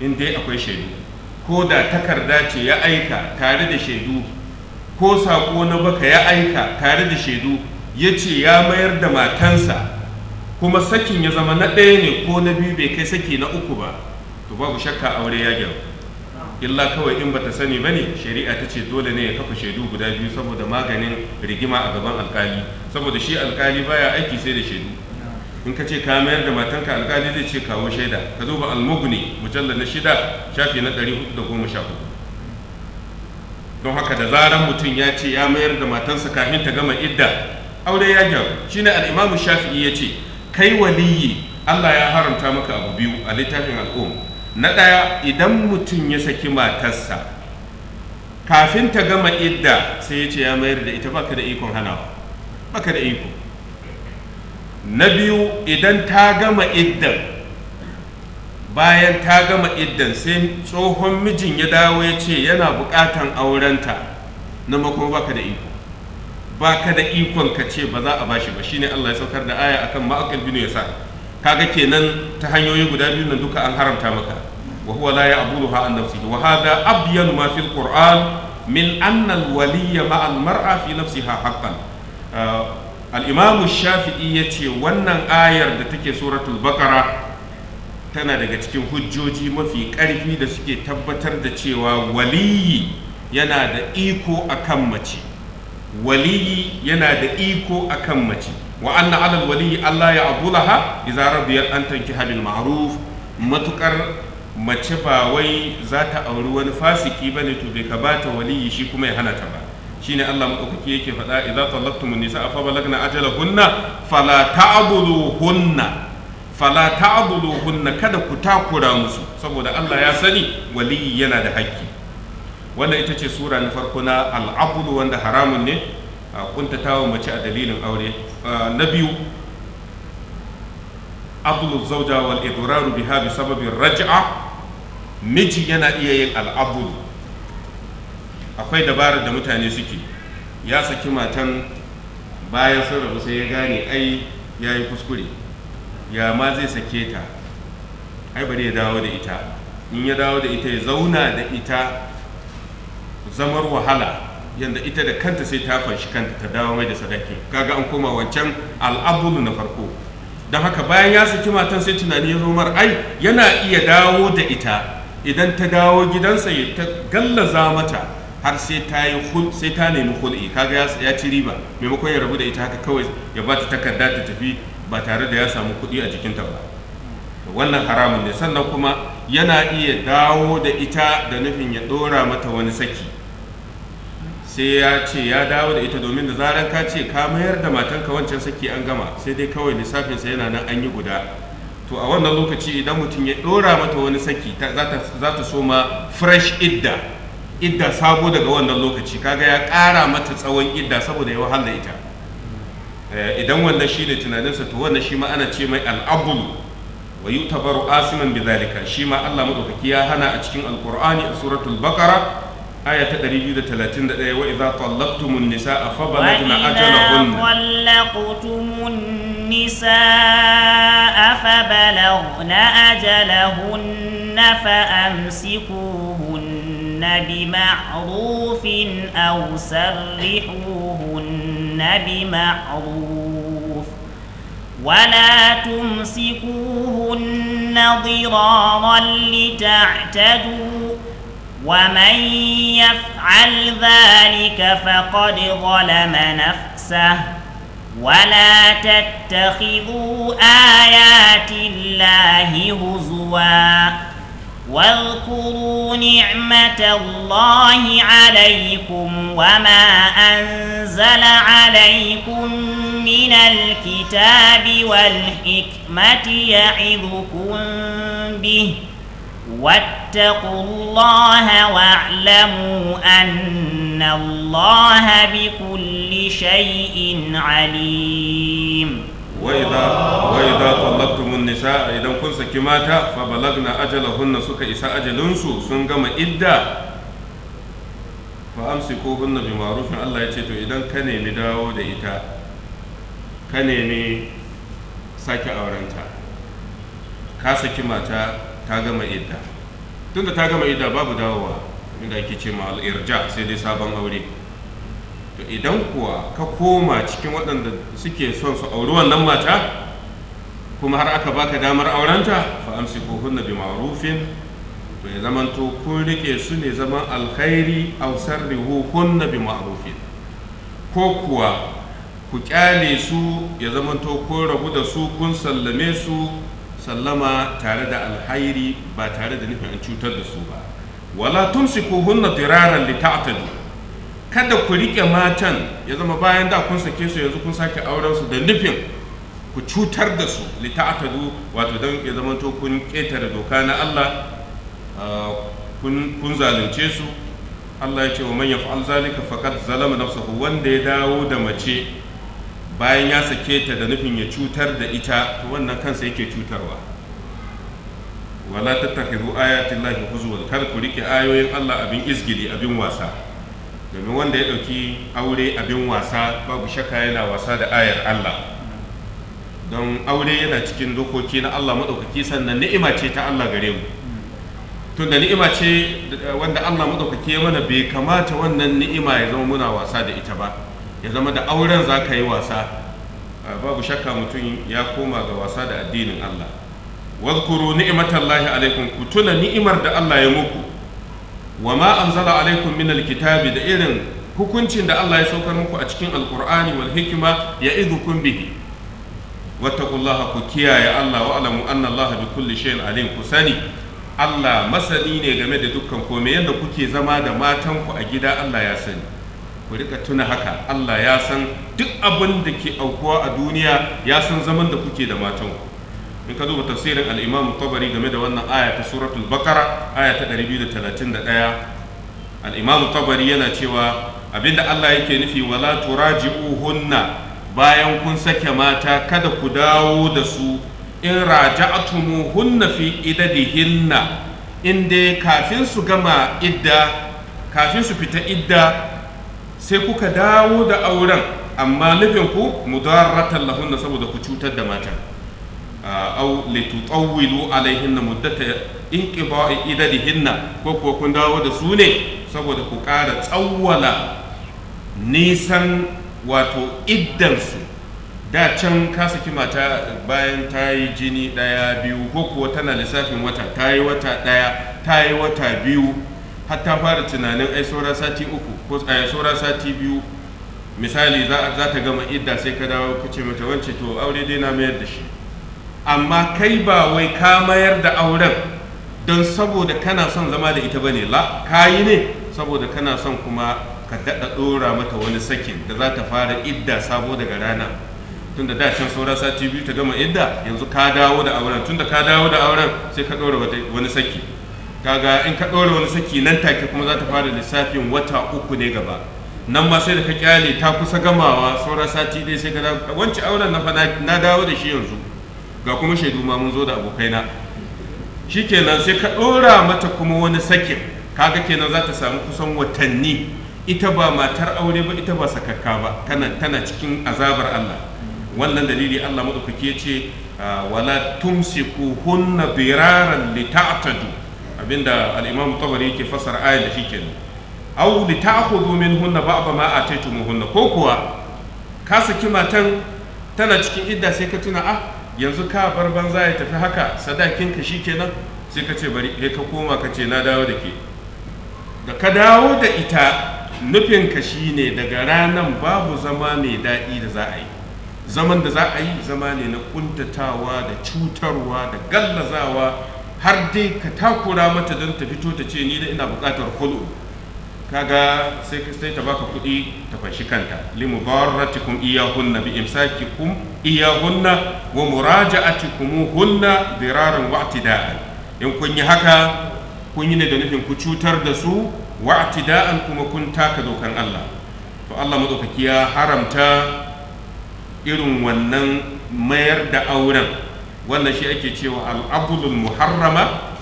in dai akwai shaidu ko da takarda ce ya aika tare da shaidu ko sako na baka ya aika tare da shaidu ya ce ya mayar da matansa kuma sakin ya zama na ɗaya ne ko na biyu bai kai saki na uku ba to babu shakka aure ya gyaru illa kawai in bata sani bane shari'a ta ce dole ne ya kafa shaidu guda biyu saboda maganin rigima a gaban alkali saboda shi alkali baya aiki sai da shaidu in ka ce ka mayar da matanka alkali zai ce kawo shaida ka zo ba almugni mujallar na shida shafi na 414 don haka da zaran mutum ya ce ya mayar da matansa kafin ta gama idda aure ya gyaru shine al-imamu shafi'i ya ce kai waliyi Allah ya haramta maka abu biyu a littafin al'um na ɗaya idan mutum ya saki matarsa kafin ta gama idda sai ya ce ya mayar da ita baka da ikon hanawa baka da iko na biyu idan ta gama iddan bayan ta gama iddan sai tsohon mijin ya dawo ya ce yana buƙatan aurenta na mako baka da iko baka da ikon ka ce ba za a bashi ba shine Allah ya saukar da aya akan ma'akal bin yasa kaga kenan ta hanyoyi guda biyu nan duka an haramta maka wa huwa la ya'buduha an nafsihi wa hadha abyan ma fil qur'an min anna al waliya ma al mar'a fi nafsiha haqqan uh, al imam shafi'i yace wannan ayar da take suratul baqara tana daga cikin hujjoji mafi ƙarfi da suke tabbatar da cewa waliyi yana da iko akan mace waliyi yana da iko akan mace wa anna alal wali Allah ya abulaha idza radiyat an tankiha bil ma'ruf matuƙar mace ba wai zata auri wani fasiki bane to bai kabata waliyi shi kuma ya hana ta ba shine Allah madaukaki yake faɗa idza talaqtumun nisaa fa balagna ajalahunna fala ta'buduhunna fala ta'buduhunna kada ku takura musu saboda Allah ya sani waliyi yana da haƙƙi wannan ita ce sura na farko na al'abdu wanda haramun ne a kuntatawa mace a dalilin aure na biyu abdul zauja wal idraru biha bi sababin raj'a miji yana iya yin al'abul akwai dabarar da mutane suke ya saki matan bayan sun rabu sai ya gane ai ya yi kuskure ya ma zai sake ta ai bari ya dawo da ita in ya dawo da ita ya zauna da ita zamar wahala yanda ita da kanta sai ta fashi kanta ta dawo mai da sadaki kaga an koma wancan al'abulu na farko don haka bayan ya saki matan sai tunani ya zo ai yana iya dawo da ita idan ta dawo gidansa ya ta gallaza mata har sai ta yi hul sai ta nemi hul'i kaga ya ci riba maimakon ya rabu da ita haka kawai ya ba ta takarda ta tafi ba tare da ya samu kuɗi a jikinta ba wannan haramun ne sannan kuma yana iya dawo da ita da nufin ya ɗora mata wani saki sai ya ce ya dawo da ita domin da zaran ka ce ka mayar da matanka wancan saki an gama sai dai kawai lissafinsa yana nan an yi guda to a wannan lokaci idan mutum ya dora mata wani saki za ta ma fresh idda idda sabo daga wannan lokaci kaga ya kara mata tsawon idda saboda ya wahala ita eh, idan wannan shi ne tunaninsa to wannan shi ma ce mai al'abulu wa Baru asiman zalika shi ma Allah madaukaki ya hana a cikin Alƙur'ani a suratul baqara آية 231 وإذا طلقتم النساء فبلغن أجلهن وإذا طلقتم النساء فبلغن أجلهن فأمسكوهن بمعروف أو سرحوهن بمعروف ولا تمسكوهن ضرارا لتعتدوا ومن يفعل ذلك فقد ظلم نفسه ولا تتخذوا آيات الله هزوا واذكروا نعمة الله عليكم وما أنزل عليكم من الكتاب والحكمة يعظكم به ۖ واتقوا الله واعلموا أن الله بكل شيء عليم وإذا وإذا طلقتم النساء إذا كن سكماتا فبلغنا أجلهن سك إساء أجلنسو سنقم إدّا فأمسكوهن بمعروف الله يتيتو إذا كان مداو دئتا كان ساكي أورنتا ka saki mata ta gama idda tunda ta gama idda babu dawowa inda ake ce ma al'irja sai dai sabon aure to idan kuwa ka koma cikin waɗanda suke son su auri wannan mata kuma har aka baka damar aurenta fa hunna bi ma'rufin to ya to kun rike su ne zaman alkhairi aw hunna bi ma'rufin ko kuwa ku kyale su ya zamanto kun rabu da su kun sallame su sallama tare da alhairi ba tare da nufin cutar da su ba wala hunna diraran lita'tadu kada ku rike matan ya zama bayan da kun sake su yanzu kun sake auren su da nufin ku cutar da su lita'tadu wato dan ya zama to kun ketare doka na Allah kun kun zalunce su Allah ya ce wa man yaf'al zalika faqad zalama nafsahu wanda ya dawo da mace bayan ya sake ta da nufin ya cutar da ita to wannan kansa yake cutarwa wala tattakhidhu ayati llahi huzwan kar ku rike ayoyin Allah abin izgili abin wasa domin wanda ya dauki aure abin wasa babu shakka yana wasa da ayar Allah don aure yana cikin dokoki na Allah madaukaki sannan ni'ima ce ta Allah gare mu tun da ni'ima ce eh, wanda Allah madaukaki ya mana bai kamata wannan ni'ima ya zama muna wasa da ita ba ya zama da auren za ka yi wasa babu shakka mutum ya koma ga wasa da addinin Allah wazkuru ni'matallahi alaikum ku tuna ni'imar da Allah ya muku wa ma anzala alaikum min alkitabi da irin hukuncin da Allah ya saukar muku a cikin alqur'ani wal hikima ya'idukum bihi wattaqullaha ku kiyaye Allah wa alamu anna Allah bi kulli shay'in alim ku sani Allah masani ne game da dukkan komai yadda kuke zama da matanku a gida Allah ya sani ku rika tuna haka Allah ya san duk abin da ke aukuwa a duniya ya san zaman da kuke da ku in ka duba tafsirin al-Imam Tabari game da wannan aya ta suratul Baqara aya ta 231 al-Imam Tabari yana cewa abinda Allah yake nufi wala turaji'uhunna bayan kun sake mata kada ku dawo da su in raja'tumuhunna fi idadihinna in dai kafin su gama idda kafin su fita idda sai kuka dawo da auren amma nufin ku mudarratan lahunna saboda ku cutar da matan aw litutawwilu alaihinna muddata inqiba'i idadihinna ko ko kun dawo da su ne saboda ku ƙara tsawwala nisan wato iddansu da can ka saki mata bayan ta yi jini ɗaya biyu ko kuwa tana lissafin wata ta yi wata ɗaya ta yi wata biyu hatta fara tunanin ai saura sati uku ko eh, saura sati biyu misali za ta gama idda sai ka dawo ka ce mata wance to aure dai na mayar da shi amma kai ba wai ka mayar da auren don saboda kana son zama da ita bane la ka yi ne saboda kana son kuma ka daɗa ɗora mata wani sakin da za ta fara idda sabo daga rana tun da dacin saura sati biyu ta gama idda yanzu ka dawo da auren tun da ka dawo da auren sai ka ɗora wani saki kaga in ka ɗora wani saki nan take kuma za ta fara lissafin wata uku ne gaba nan ma sai da ka kyale ta kusa gamawa saura sati ɗaya sai ka dawo wancan auren na fana na dawo da shi yanzu ga kuma shaidu ma mun zo da abokaina shikenan sai ka ɗora mata kuma wani sakin kaga kenan za ta samu kusan watanni ita ba matar aure ba ita ba sakakka ba tana tana cikin azabar Allah wannan dalili Allah madaukake ce ah, wala tumsiku hunna biraran lita'tadu abinda alimam tabari yake fasara ayat da shikenan aw li ta'khudhu minhunna ba'd ma ataytumuhunna ko kuwa ka saki matan tana cikin idda sai ka tuna ah yanzu ka bar banza ya tafi haka sadakin ka shikenan sai ka ce bari ka koma ka ce na dawo da ke da ka dawo da ita nufinka shi ne daga ranan babu zama mai daɗi da za a yi zaman da za a yi zama ne na ƙuntatawa da cutarwa da gallazawa har dai ka takura mata don ta fito ta ce ni da ina bukatar kulu kaga sai sai ta baka kuɗi ta fashi kanta li mudarratikum iyahunna bi imsakikum iyahunna wa hunna diraran wa i'tida'an in kun yi haka kun yi ne da nufin ku cutar da su wa i'tida'an kuma kun taka dokan Allah to Allah madaukaki ya haramta irin wannan mayar da auren wannan shi ake cewa al'abulul muharrama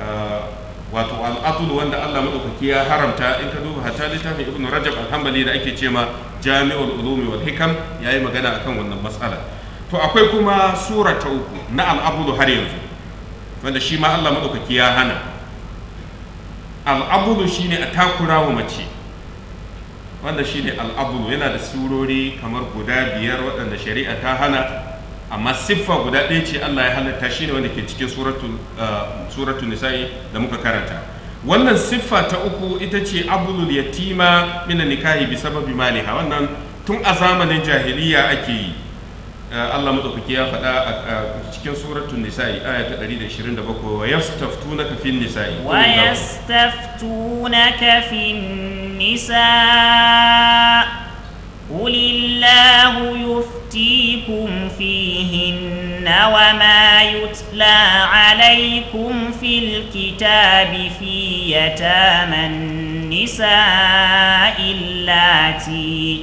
uh, wato al'abul wanda Allah madaukaki ya haramta in ka duba hatta littafin ibnu rajab al da ake cema jami'ul ulumi wal hikam yi magana akan wannan matsala to akwai kuma sura ta uku na al'abul har yanzu wanda shi ma Allah madaukaki ya hana shi ne a takura wa mace wanda ne al'abul yana da surori kamar guda biyar waɗanda shari'a ta hana amma siffa guda ɗaya ce Allah ya halatta shi ne wanda ke cikin suratu eh, nisa'i da muka karanta wannan siffa ta uku ita ce abulul yatima mina nikahi bi sababi maliha wannan tun a zamanin jahiliya ake yi eh, Allah madaukaki ya faɗa a cikin suratul nisa'i aya ta 127 wa yastaftunaka fin nisa'i wa yastaftunaka fin nisa' قل الله يؤتيكم فيهن وما يتلى عليكم في الكتاب في يتامى النساء اللاتي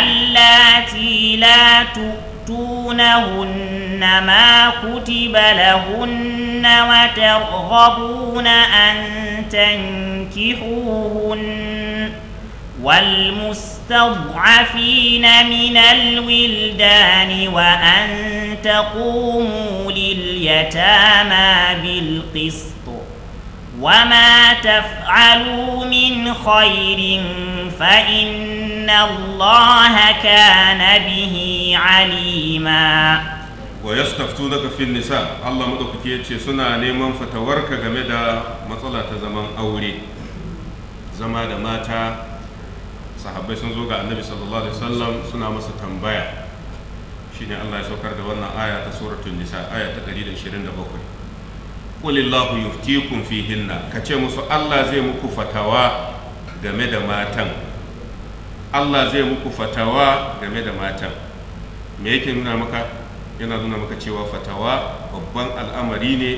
اللاتي لا تؤتونهن ما كتب لهن وترغبون أن تنكحوهن والمستضعفين من الولدان وأن تقوموا لليتامى بالقسط وما تفعلوا من خير فإن الله كان به عليما ويستفتونك في النساء الله مدوكتي يتشي سنة نيمان فتورك غمدا مطلة زمان أولي زمان ماتا sahabbai sun zo ga annabi sallallahu alaihi wasallam suna masa tambaya shine Allah ya saukar da wannan aya ta suratul nisa aya ta 127 qul illahu yuftikum fihinna kace musu Allah zai muku fatawa game da matan Allah zai muku fatawa game da matan me yake nuna maka yana nuna maka cewa fatawa babban al'amari ne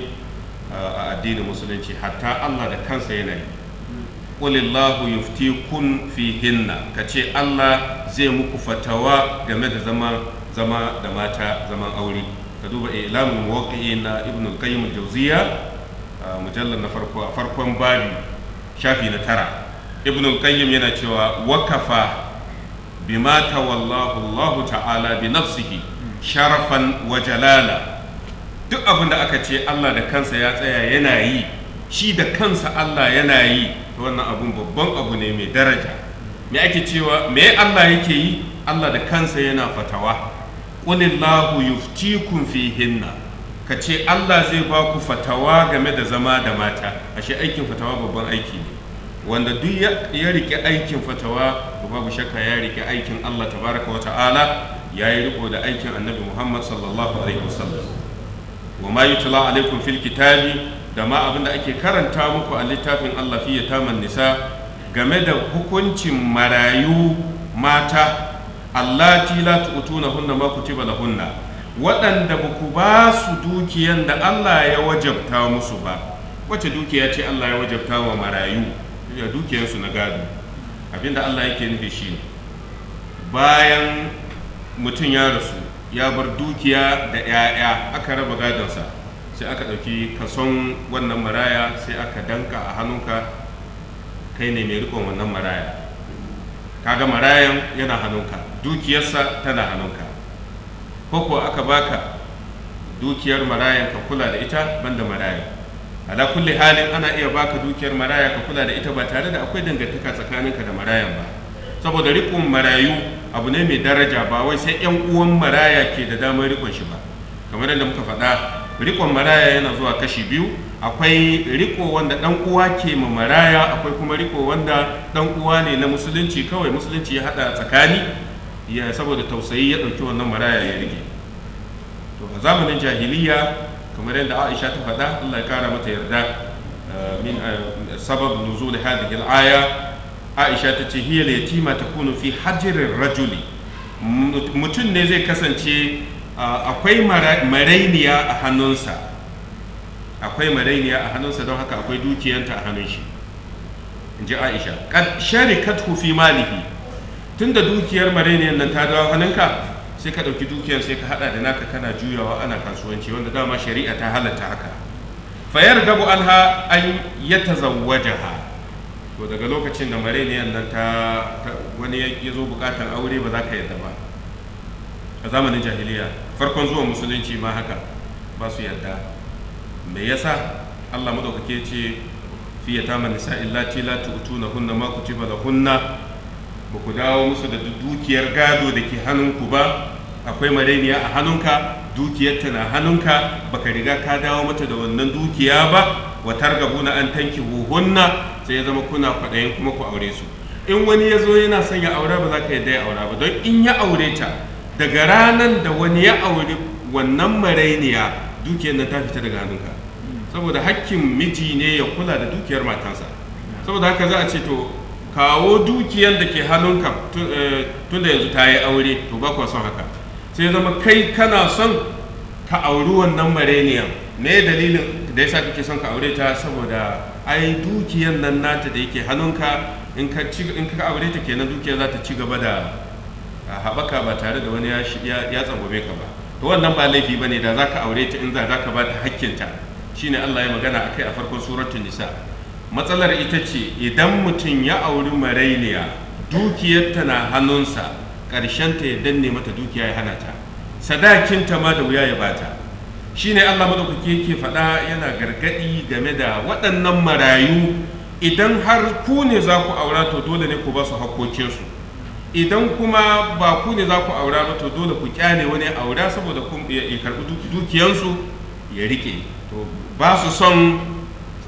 a addinin musulunci hatta Allah da kansa yana yi qulillahu yuftikun fihinna kace Allah zai muku fatawa game da zama zama da mata zaman aure ka duba ilamul muwaqqi'in na ibn qayyim al mujallal na farko a farkon babi shafi na tara ibn qayyim yana cewa wakafa bima tawallahu Allah ta'ala bi nafsihi sharafan wa jalala duk abin da aka ce Allah da kansa ya tsaya yana yi shi da kansa Allah yana yi wannan abun babban abu ne mai daraja me ake cewa me Allah yake yi Allah da kansa yana fatawa qulillahu yuftikum fihinna ka ce Allah zai ba ku fatawa game da zama da mata ashe aikin fatawa babban aiki ne wanda duk ya rike aikin fatawa babu shakka ya rike aikin Allah tabaraka wa ta'ala ya yi riko da aikin annabi Muhammad sallallahu alaihi wasallam wa ma yutla alaikum fil kitabi da ma abin da ake karanta muku a littafin Allah fiye taman nisa game da hukuncin marayu mata Allah allati la na hunna ma da hunna waɗanda ba ku ba su dukiyan da Allah ya wajabta musu ba wacce dukiya ce Allah ya wajabta wa marayu dukiyansu na gado abinda Allah yake nufi shi bayan mutum ya rasu ya bar dukiya da 'ya'ya aka raba gadonsa sai aka ɗauki kason wannan maraya sai aka danka a hannunka kai ne mai rikon wannan maraya kaga marayan yana hannunka dukiyarsa tana hannunka ko aka baka dukiyar marayan ka kula da ita banda marayan ala kulli halin ana iya baka dukiyar maraya ka kula da ita ba tare da akwai dangantaka tsakaninka da marayan ba saboda rikon marayu abu ne mai daraja ba wai sai yan uwan maraya ke da damar rikon shi ba kamar yadda muka faɗa rikon maraya yana zuwa kashi biyu akwai riko wanda dan uwa ke ma maraya akwai kuma riko wanda dan uwa ne na musulunci kawai musulunci ya hada tsakani ya saboda tausayi ya dauki wannan maraya ya rike to a zamanin jahiliya kamar yadda Aisha ta faɗa Allah ya kara mata yarda eh, min eh, sabab nuzul hadhihi al-aya Aisha ta ce hiya yatima takunu fi hajrir rajuli mutum ne zai kasance akwai marainiya a hannunsa akwai marainiya a hannunsa don haka akwai dukiyanta a hannun shi in ji aisha sharikatu fi malihi da dukiyar marainiyan nan ta dawo hannunka sai ka ɗauki dukiyar sai ka haɗa da naka kana juyawa ana kasuwanci wanda dama shari'a ta halatta haka fayar gabu ha an ya ha to daga lokacin da marainiyan nan ta wani ya zo bukatan aure ba za ka yadda ba a zamanin jahiliya farkon zuwan musulunci ma haka ba su yarda me yasa Allah madaukake ce fiye ta man nisa lati la na hunna ma ku lahunna ba ku dawo musu da dukiyar gado da ke hannunku ba akwai marainiya a hannunka dukiyarta na hannunka baka riga ka dawo mata da wannan dukiya ba wa targabuna an tanki huhunna sai ya zama kuna kwaɗayin kuma ku aure su in wani ya zo yana son ya aura ba za ka yadda ya aura ba don in ya aure ta daga ranar da wani ya auri wannan marainiya dukiyar nan ta fita daga hannunka saboda hakkin miji ne ya kula da dukiyar matansa saboda haka za a ce to kawo dukiyar da ke hannunka eh, tun da yanzu ta yi aure to ba kuwa son haka sai zama kai kana son ka auri wannan marainiya me dalilin da yasa kake son ka aure ta saboda ai dukiyar nan nata da yake hannunka in ka aure ta kenan dukiyar za ta ci gaba da a haɓaka ba tare da wani ya tsangwame ka ba to wannan ba laifi ba ne da za ka aure ta in za ka ba ta hakkinta shine Allah ya magana a kai a farkon suratun nisa matsalar ita ce idan mutum ya auri marainiya dukiyarta na hannunsa ƙarshenta ya danne mata dukiya ya hana ta sadakinta ma da wuya ya bata shine Allah madaukake yake faɗa yana gargaɗi game da waɗannan marayu idan har ku ne za ku aura to dole ne ku ba su hakkokinsu idan kuma ba ku ne za ku aura ba to dole ku kyale wani aura saboda ya karɓi dukiyansu ya rike to ba su son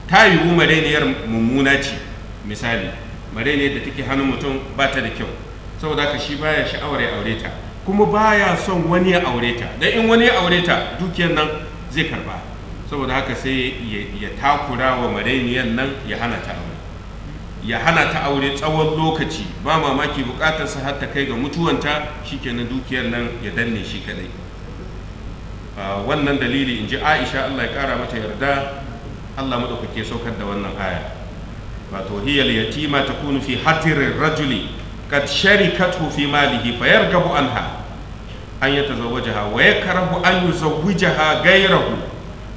ta yiwu mareniyar mummuna ce misali mareniyar da take hannun mutum ba ta da kyau saboda ka shi baya sha'awar ya aure ta kuma baya son wani ya aure ta dan in wani ya aure ta dukiyar nan zai karba saboda haka sai ya takura wa mareniyar nan ya hana ta aure ya hana ta aure tsawon lokaci ba mamaki bukatarsa har ta kai ga mutuwanta shikenan dukiyar nan ya danne shi kadai wannan dalili in ji aisha allah ya kara mata yarda allah maɗaukake saukar da wannan aya wato hiyal yatima ta kunu fi hatirin rajuli kad sharikatu fi malihi fa yargabu anha an yatazawwajaha wa yakrahu an yuzawwijaha ghayrahu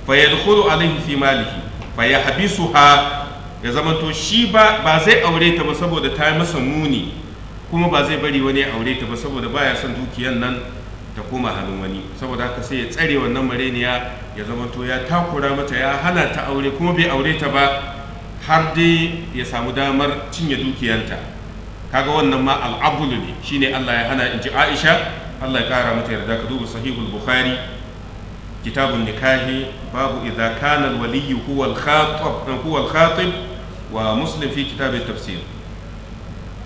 fa yadkhulu alayhi fi malihi fa yahbisuha ya zama to shi ba zai aure ta ba saboda ta yi masa muni kuma ba zai bari wani aure ta ba saboda baya son dukiyan nan ta koma hannun wani saboda haka sai ya tsare wannan mareniya ya zama to ya takura mata ya hana ta aure kuma bai aure ta ba har dai ya samu damar cinye dukiyanta kaga wannan ma al'abulu ne shine Allah ya hana in ji Aisha Allah ya kara mata yarda ka duba sahihul bukhari kitabun nikahi babu idza kana al-waliyyu huwa al-khatib ومسلم في كتاب التفسير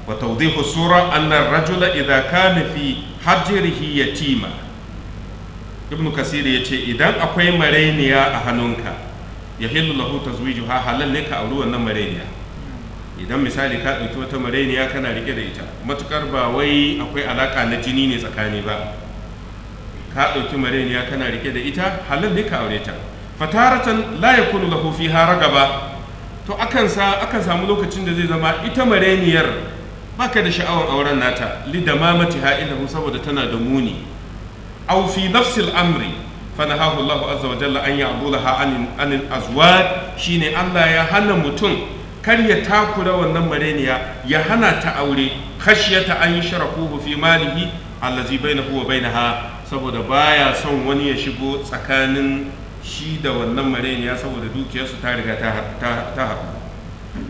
وتوضيح الصورة أن الرجل إذا كان في حجره يتيما ابن كثير يتي إذا أقوي مرينيا أهنونك يحل له تزويجها حلال لك أولو أن مرينيا idan misali ka ɗauki wata mareniya kana rike da ita matukar ba wai akwai alaka na jini ne tsakani ba ka ɗauki mareniya kana rike da ita halal ne ka aure ta fataratan la yakunu lahu fiha ragaba to akan sa samu lokacin da zai zama ita mareniyar baka da sha'awar auren nata li ha ha'ilahu saboda tana da muni aw fi nafsil amri fanahahu Allah azza wa jalla an ya'bulaha anil anil azwaj shine Allah ya hana mutum kar ya takura wannan mareniya ya hana ta aure khashyata an yushrakuhu fi malihi allazi bainahu wa bainaha saboda baya son wani ya shigo tsakanin shi da wannan mareniya saboda dukiyarsu ta riga ta haɗu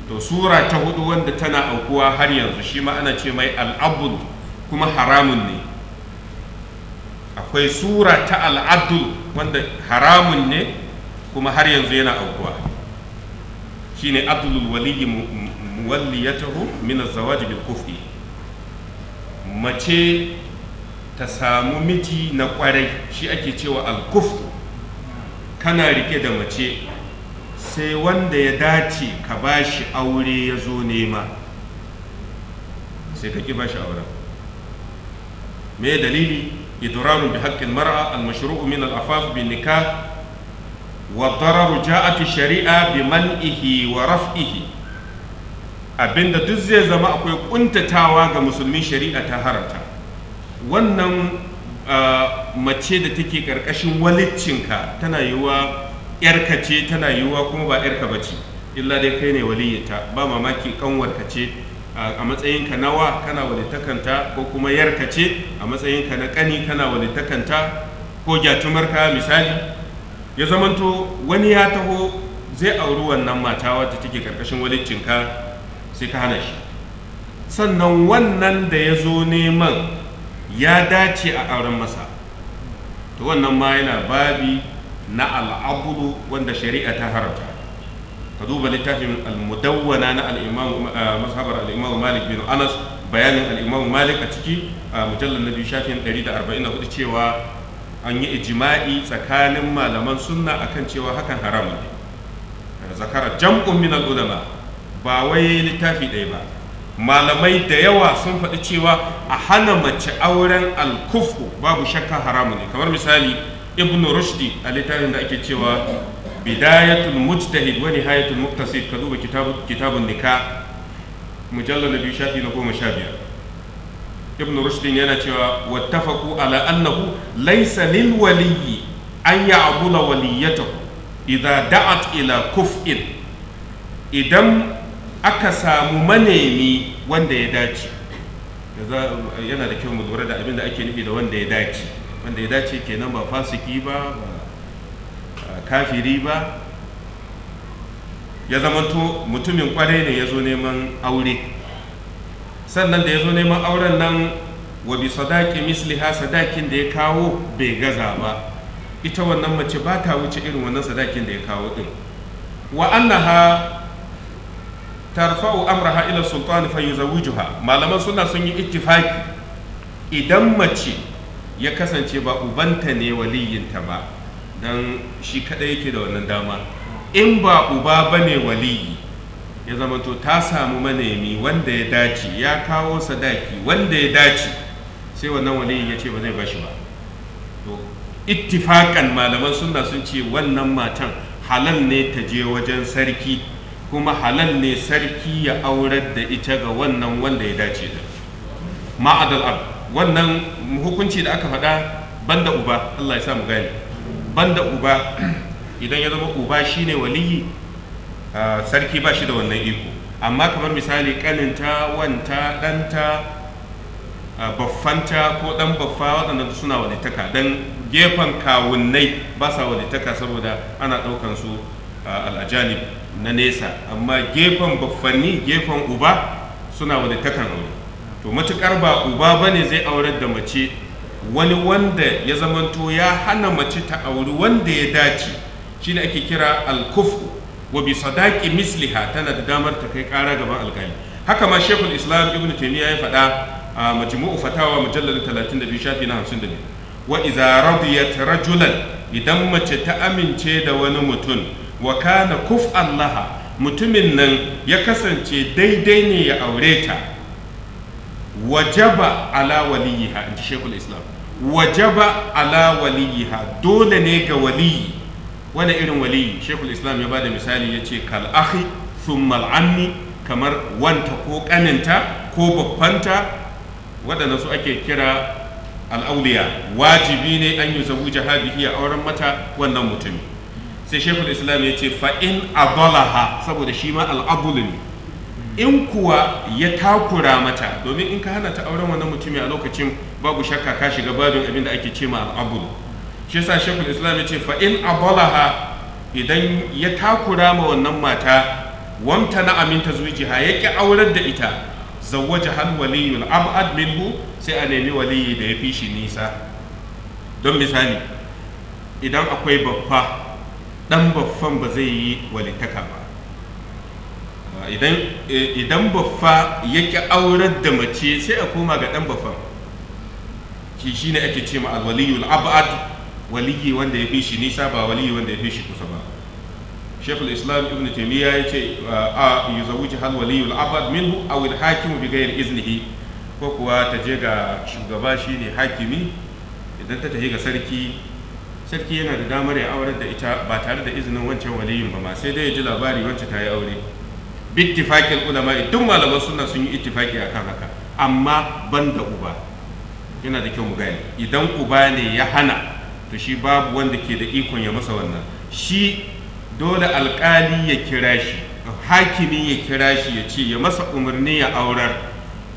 to sura ta hudu wanda tana aukuwa har yanzu shi ma ana ce mai al'abul kuma haramun ne akwai sura ta al'adul wanda haramun ne kuma har yanzu yana aukuwa shine abdul waliyyi muwalliyatahu min mina zawaj bil kufi mace ta samu miji na kwarai shi ake cewa al-kufru kana rike da mace sai wanda ya dace ka bashi aure ya zo nema sai ka ki bashi auren me dalili idrarun bi haqqin mar'a al-mashru'u min al-afaf bi nikah wa dararu ja'at shari'a bi man'ihi wa raf'ihi abinda duk zai zama akwai kuntatawa ga musulmi shari'a ta harata wannan mace da take karkashin waliccinka tana yiwuwa yarka ce tana yiwuwa kuma ba yarka ba ce illa dai kai ne waliyyata. ba mamaki kanwarka ce a matsayinka nawa kana walitakanta ko kuma yarka ce a matsayinka na kani kana walitakanta ko gyatumarka misali ya zamanto wani ya taho zai auri wannan mata wacce take karkashin waliccinka sai ka hana shi sannan wannan da ya zo neman ya dace a auren masa to wannan ma yana babi na al'abudu wanda shari'a ta haramta ka duba littafin al-mudawwana na al-imam eh, mashabar al-imam malik bin anas bayanin al-imam malik a ciki a mujallar na biyu shafin 144 cewa an yi ijima'i tsakanin malaman sunna akan cewa hakan haram ne zakara jam'un min al-ulama ba wai littafi ɗaya ba malamai da yawa sun faɗi cewa a hana mace auren alkufu babu shakka haramu ne kamar misali ibn rushdi a littafin da ake cewa bidayatul mujtahid wa nihayatul muqtasid ka duba kitabun nika mujallal na biyu shafi na goma sha biyar ibn rushdin yana cewa wattafaku ala annahu laysa lil waliyyi an ya'bula waliyatahu idza da'at ila kuf'in idan aka samu manemi wanda ya dace yana da kyau mu lura da abin da ake nufi da wanda ya dace wanda ya dace kenan ba fasiki ba ba kafiri ba ya zamanto mutumin kwarai ne ya zo neman aure sannan da ya zo neman auren nan wa bi sadaki misliha sadakin da ya kawo bai gaza ba ita wannan mace ba ta wuce irin wannan sadakin da ya kawo din wa annaha tarfa'u amraha ila sultan fa yuzawijuha malaman suna sun yi ittifaki idan mace ya kasance ba ubanta ne waliyinta ba dan shi kadai yake da wannan dama in ba uba bane waliyi ya zama to ta samu manemi wanda ya dace ya kawo sadaki wanda ya dace sai wannan waliyi ya ce ba zai bashi ba to ittifakan malaman sunna sun ce wannan matan halal ne ta je wajen sarki kuma halal ne sarki ya aurar da ita ga wannan wanda ya dace da ma'adal ab wannan hukunci da aka faɗa banda uba Allah ya sa mu gane banda uba (clears throat) idan ya zama uba shine waliyi sarki ba shi da wannan iko amma kamar misali kaninta wanta ɗanta baffanta ko ɗan baffa waɗanda suna walitaka don gefen kawunnai ba sa walitaka saboda ana ɗaukan su al'ajanib na nesa amma gefen baffanni gefen uba suna wani takan aure to matukar ba uba ba ne zai aurar da mace wani wanda ya zamanto ya hana mace ta auri wanda ya dace shi ne ake kira alkufu wa bi sadaki misliha tana da damar ta kai kara gaban alkali haka ma shekul islam ibn taymiya ya faɗa a majmu'u fatawa mujallal 32 shafi na 52 wa idza radiyat rajulan idan mace ta amince da wani mutum wa kana kuf allaha mutumin nan ya kasance daidai ne ya aure ta wajaba ala waliyiha in shekul islam wajaba ala waliyiha dole ne ga waliyi wani irin waliyi shekul islam ya bada misali ya ce kal'ahi thummal ammi kamar wanta ko kaninta ko babbanta waɗanda su ake kira al'auliya wajibi ne an yi zabu jahabi iya auren mata wannan mutumin. sai shekul islam ya ce fa'in adolaha saboda shi ma al’abulu ne in kuwa ya takura mata domin in ka hana ta auren wannan mutumi a lokacin babu shakka ka shiga babin abin da ake ce ma al'abulu shi sa shekul islam ya ce fa'in abalaha idan ya takura ma wannan mata wamta na aminta zuciya ya ƙi aurar da ita zawaje hal waliyul abad minhu sai a nemi waliyi da ya fi shi nisa don misali idan akwai babba dan baffan ba zai yi walitaka ba idan baffa ya aurar da mace sai a koma ga dan baffan ki shi ne ake ce ma abad waliyi wanda ya fi shi nisa ba waliyi wanda ya fi shi kusa ba shekul islam ibn taimiyya ya ce a yi zawuji hal waliyul abad minhu awil hakimu bi gayar iznihi ko kuwa ta je ga shugaba shine hakimi idan ta tafi ga sarki sarki yana da damar ya aurar da ita ba tare da izinin wancan waliyin ba ma sai dai ya ji labari wacce ta yi aure bittifakin ulama duk malaman suna sun yi ittifaki akan haka amma ban da uba yana da kyau mu gane idan uba ne ya hana to shi babu wanda ke da ikon ya masa wannan shi dole alkali ya kira shi hakimi ya kira shi ya ce ya masa umarni ya aurar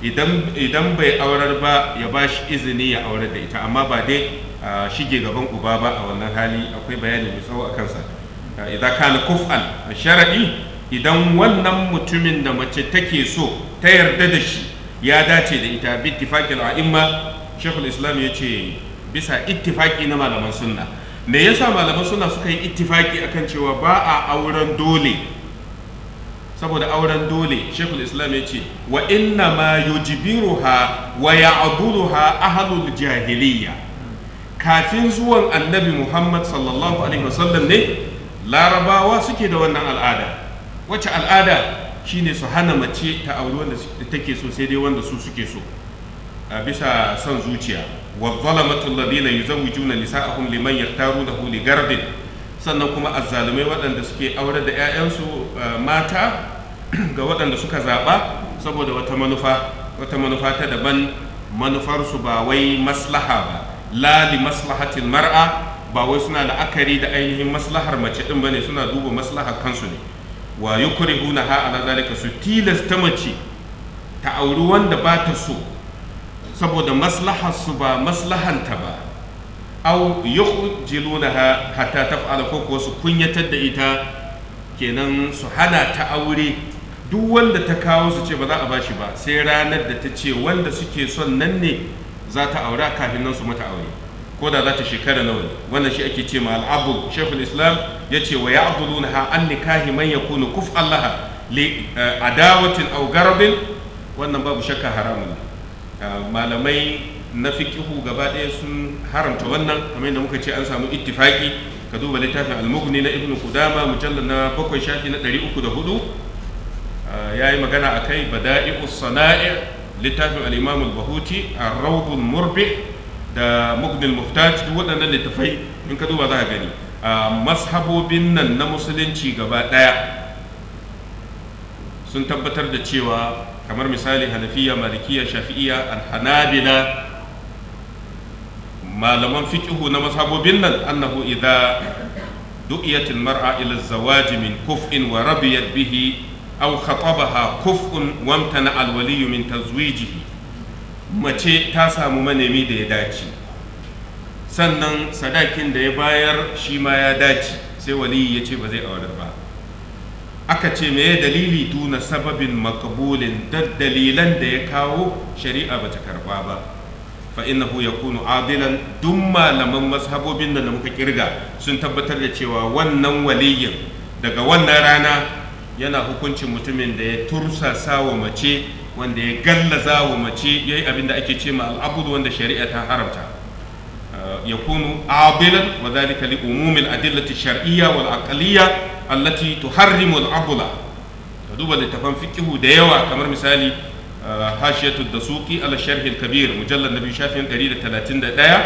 idan bai aurar ba ya ba shi izini ya aurar da ita amma ba dai shige gaban uba ba a wannan hali akwai bayani mai tsawo a kansa idan kana kuf'an idan wannan mutumin da mace take so ta yarda da shi ya dace da ita bi a imma shekul islam ya ce bisa ittifaqi na malaman sunna me yasa malaman sunna suka yi ittifaki akan cewa ba a auren dole saboda auren dole shekul islam ya ce wa inna ma yujibiruha wa ya'buduha ahlul jahiliyya kafin zuwan annabi muhammad sallallahu alaihi wasallam ne larabawa suke da wannan al'ada wacce al'ada shine su hana mace ta auri wanda take so sai dai wanda su suke so a bisa son zuciya wa zalamatu alladhina yuzawwijuna nisa'ahum liman yaktaruna li gardin sannan kuma azzalumai waɗanda suke aure da 'ya'yansu mata (clears throat) ga waɗanda suka zaɓa saboda wata manufa wata manufa ta daban manufarsu ba wai maslaha ba la li maslahatil mar'a ba wai suna la'akari da ainihin maslahar mace din bane suna duba maslahar kansu ne wa yukrihuna ha ala zalika su tilasta mace ta auri wanda ba ta so saboda maslahar su ba maslahanta ba aw ha? hatta taf'ala ko ko su kunyatar da ita kenan su hana ta aure duk wanda ta kawo su ce ba za a bashi ba sai ranar da ta ce wanda suke son nan ne za ta aura kafin nan su mata aure ko da za ta shekara nawa ne wannan shi ake ce ma al'abu shekul islam ya ce wa ya'buduna ha an nikahi man yakunu kuf Allah li eh, adawatin aw garabin. wannan babu shakka haramun eh, malamai na fiqihu gaba ɗaya sun haramta wannan kamar yadda muka ce an samu ittifaki ka duba littafin al-mughni na ibnu qudama mujallal na bakwai shafi na 304 eh, yayi magana akai bada'i'us sana'i' littafin al-imam al-bahuti ar murbi da mughni al duk waɗannan littafai in ka duba za ka gani mashabobin nan na musulunci gaba ɗaya sun tabbatar da cewa kamar misali hanafiya malikiya shafi'iya alhanabila malaman fiqihu na mashabobin nan annahu idza du'iyatil mar'a ila zawaji min kuf'in wa rabiyat bihi aw khatabaha kuf'un na alwaliyu min tazwijihi mace ta samu manemi da ya dace sannan sadakin da ya bayar shi ma ya dace sai waliyu ya ce ba zai aurar ba aka ce me dalili duna sababin makabulin da dalilan da ya kawo shari'a ba karɓa ba fa ya kunu adilan duk malaman mazhabobin da na muka kirga sun tabbatar da cewa wannan waliyin daga wannan rana yana hukuncin mutumin da ya tursasa wa mace wanda ya gallaza wa mace ya yi abin da ake ce ma al'abudu wanda shari'a ta haramta uh, ya kunu abilan wa zalika li umumil adillati shar'iyya wal aqliyya allati tuharrimu al'abula ka duba littafan fiqhu da yawa kamar misali uh, hashiyatu dasuqi ala sharh al-kabir mujallad nabi shafin 131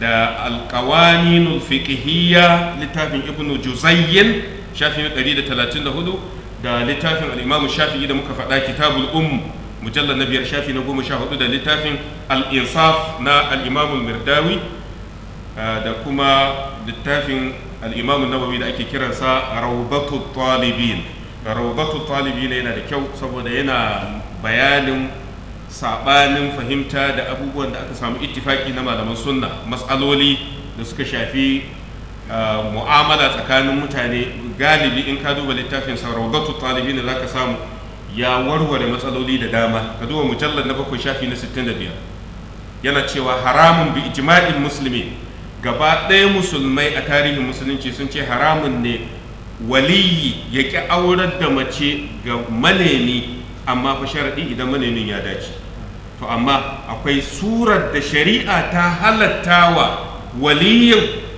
da al-qawanin al-fiqhiyya littafin ibnu juzayyin shafi na 134 da littafin al-imamu shafi'i da muka faɗa kitabul umm mujallar na biyar shafi na goma sha hudu da littafin al-insaf na al-imamu da kuma littafin al'imamin imamu nawawi da ake kiransa rawbatu talibin rawbatu talibin yana da kyau saboda yana bayanin saɓanin fahimta da abubuwan da aka samu ittifaki na malaman sunna matsaloli da suka shafi mu'amala tsakanin mutane galibi in ka duba littafin sauraugatu talibi ne za ka samu ya warware matsaloli da dama ka duba mujallar na bakwai shafi na 65 yana cewa haramun bi ijma'in musulmi gaba ɗaya musulmai a tarihin musulunci sun ce haramun ne waliyi ya ƙi aurar da mace ga manemi amma fa sharaɗi idan manemin ya dace to amma akwai surar da shari'a ta wa waliyin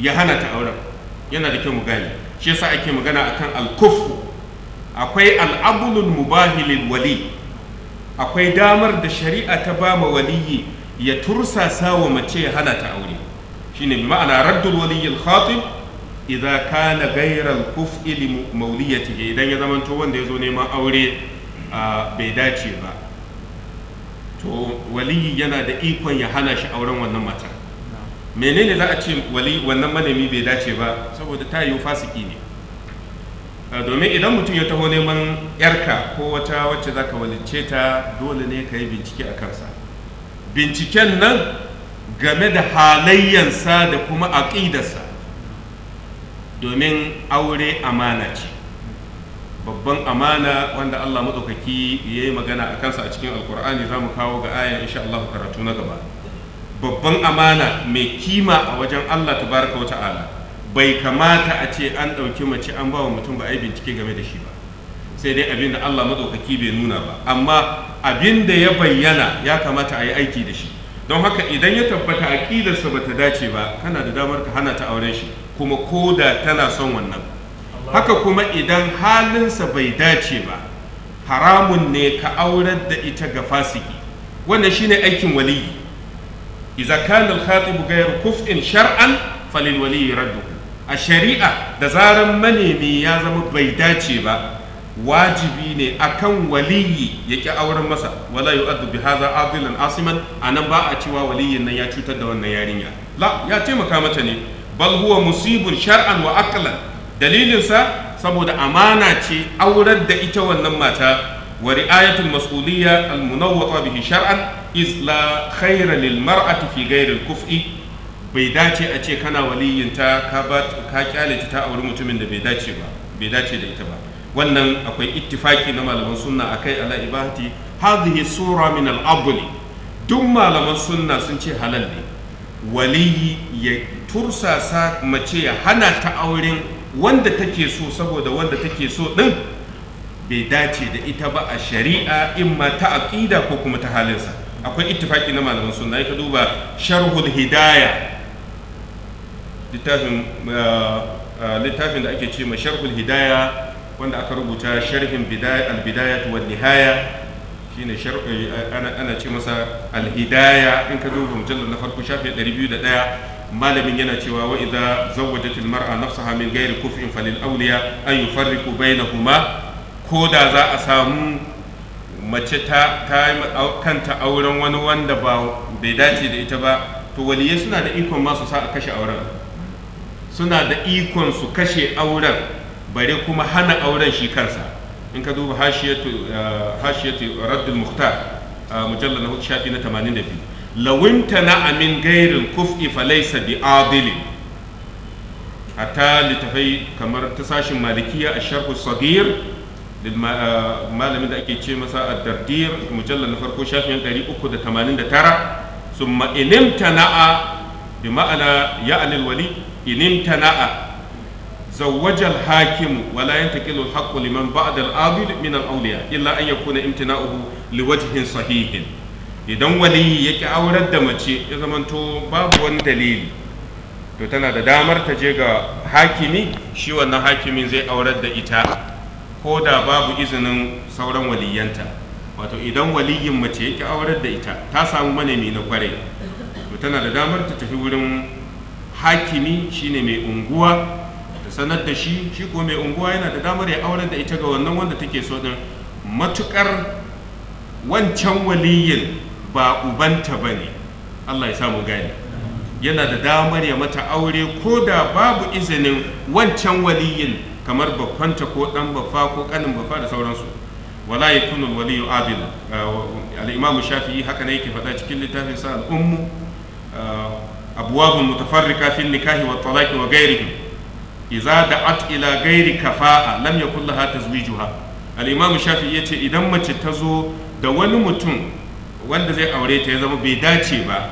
ya hana ta auren yana da kyau mu gane shi yasa ake magana akan alkufu akwai al'abulul mubahilil wali akwai damar da shari'a ta ba ma waliyi ya tursasa wa mace ya hana ta aure shine bi ma'ana raddul waliyil khatib idza kana ghayra al-kuf'i li mawliyatihi idan ya to wanda ya zo neman aure bai dace ba to waliyi yana da ikon ya hana shi auren wannan matar menene za a ce wali wannan manemi bai dace ba saboda ta yi fasiki ne ah, domin idan mutum ya taho neman yarka ko wata wacce za ka walice ta dole ne ka yi bincike a kansa binciken nan game da halayyansa da kuma aƙidarsa domin aure amana ce babban amana wanda Allah maɗaukaki ya yi magana a kansa a cikin alkur'ani za mu kawo ga aya insha Allah karatu na gaba babban amana mai kima a wajen Allah tabaraka wata'ala bai kamata a ce an ɗauki mace an ba wa mutum ba a yi bincike game da shi ba sai dai abin da Allah matsaukaki bai nuna ba amma abin da ya bayyana ya kamata a yi aiki da shi don haka idan ya tabbata aƙidarsa ba ta dace ba kana da damar ka hana ta auren shi kuma ko da tana son wannan haka kuma idan halinsa bai dace ba haramun ne ka aurar da ita ga fasiki wannan shine aikin waliyi idza kana al-khatib ghayr kuf'in shar'an falil wali raddu a shari'a da zaran manemi ya zama bai dace ba wajibi ne akan waliyyi ya ki auren masa wala yu'addu bi hadha adilan asiman anan ba a cewa waliyin nan ya cutar da wannan yarinya ya taimaka mata ne bal huwa musibun shar'an wa aqlan dalilinsa saboda amana ce aurar da ita wannan mata wa ri'ayatul mas'uliyya al-munawwata bihi shar'an isla khaira lil mar'ati fi ghairi kufi bai dace a ce kana waliyinta ka ba ka kyale ta auri mutumin da bai dace ba bai dace da ita ba wannan akwai ittifaki na malaman sunna akai ala ibahati hadhihi sura min al duk malaman sunna sun ce halal ne waliyi ya tursasa mace ya hana ta auren wanda take so saboda wanda take so din bai dace da ita ba a shari'a in ma ta aƙida ko kuma ta halinsa akwai ittifaki na malaman sunna ka duba sharhul hidaya littafin uh, uh, littafin da ake ce ma sharhul hidaya wanda aka rubuta sharhin al-bidaya wa nihaya shine eh, ana ce masa alhidaya in ka duba mujallar na farko shafi 201 malamin yana cewa wa idza zawwajatil mar'a nafsaha min ghairi kuf'in falil awliya an yufarriqu bainahuma ko da za a samu mace ta yi kanta auren wani wanda ba bai dace da ita ba to waliyai suna da ikon masu sa a kashe auren suna da ikon su kashe auren bare kuma hana auren shi kansa in ka duba hashiyatu uh, raddul muhtar uh, mujallar na shafi na 82 lawinta na amin gairin kuf'i falaisa bi A ta littafai kamar ta sashin malikiya a sharhu sagir Ah, malamin da ake ce masa a dardir mujallar na farko shafin 389 summa inimtana'a bi ma'ana ya'ni al-wali inimtana'a زوج الحاكم ولا haƙƙo الحق لمن بعد العاضل من الأولياء إلا أن يكون امتناؤه لوجه sahihin. idan wali yake aurar da mace ya zamanto babu wani dalili to tana da damar ta je ga hakimi shi wannan hakimin zai aurar da ita ko da babu izinin sauran waliyanta wato idan waliyin mace yake aurar da ita ta samu manemi na kwarai to tana da damar ta tafi wurin hakimi shine mai unguwa ta sanar da shi shi ko mai unguwa yana da damar ya aurar da ita ga wannan wanda take so din matukar wancan waliyin ba ubanta bane Allah ya samu gani yana da damar ya mata aure ko da babu izinin wancan waliyin kamar babbanta ko dan baffa ko kanin baffa da sauransu wala yakunu alwaliyu adila uh, al-imam shafi'i haka ne yake faɗa cikin littafin sa al-ummu uh, abwabun mutafarrika fi nikahi wa talaqi wa ghairihi idza da'at ila ghairi kafa'a lam yakul laha tazwijuha al-imam shafi'i yace idan mace ta zo da wani mutum wanda zai aure ta ya zama bai dace ba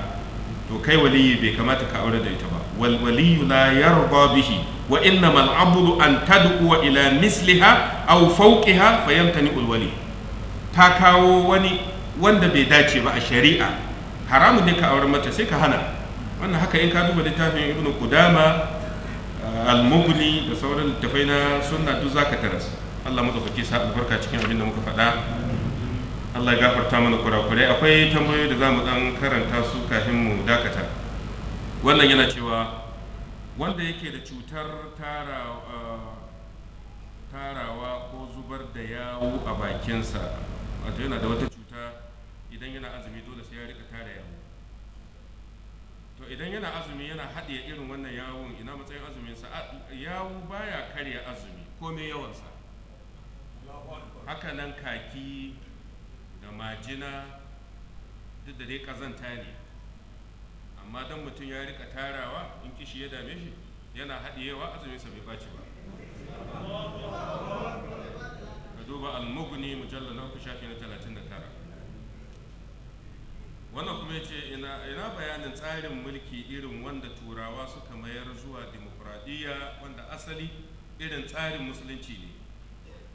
to kai waliyi bai kamata ka aure da ita ba wal waliyu la yarda bihi wa innama al'abudu an tad'uwa ila misliha aw fawqiha fayamtani ulwali ta kawo wani wanda bai dace ba a shari'a haramun ne ka auren mace sai ka hana wannan haka in ka duba littafin ibnu kudama al da sauran littafai na sunna duk zaka taras Allah madaukake sa albarka cikin abin da muka faɗa Allah ya gafarta mana kurakurai akwai tambayoyi da zamu dan karanta su kafin mu dakata wannan yana cewa wanda yake da cutar uh, tarawa ko zubar da yawo a bakinsa wato yana da wata cuta idan yana azumi dole sai ya rika tara yawo to idan yana azumi yana haɗe irin wannan yawon ina matsayin azuminsa yawo baya karya azumi ko me yawansa haka nan kaki da majina duk da dai ƙazanta ne amma don mutum ya rika tarawa in kishi ya dame shi yana haɗiyewa azumin sa bai baci ba ka duba al-mughni mujallal na uku shafi na 39 wannan kuma yace ina ina bayanin tsarin mulki irin wanda turawa suka mayar zuwa demokradiyya wanda asali irin tsarin musulunci ne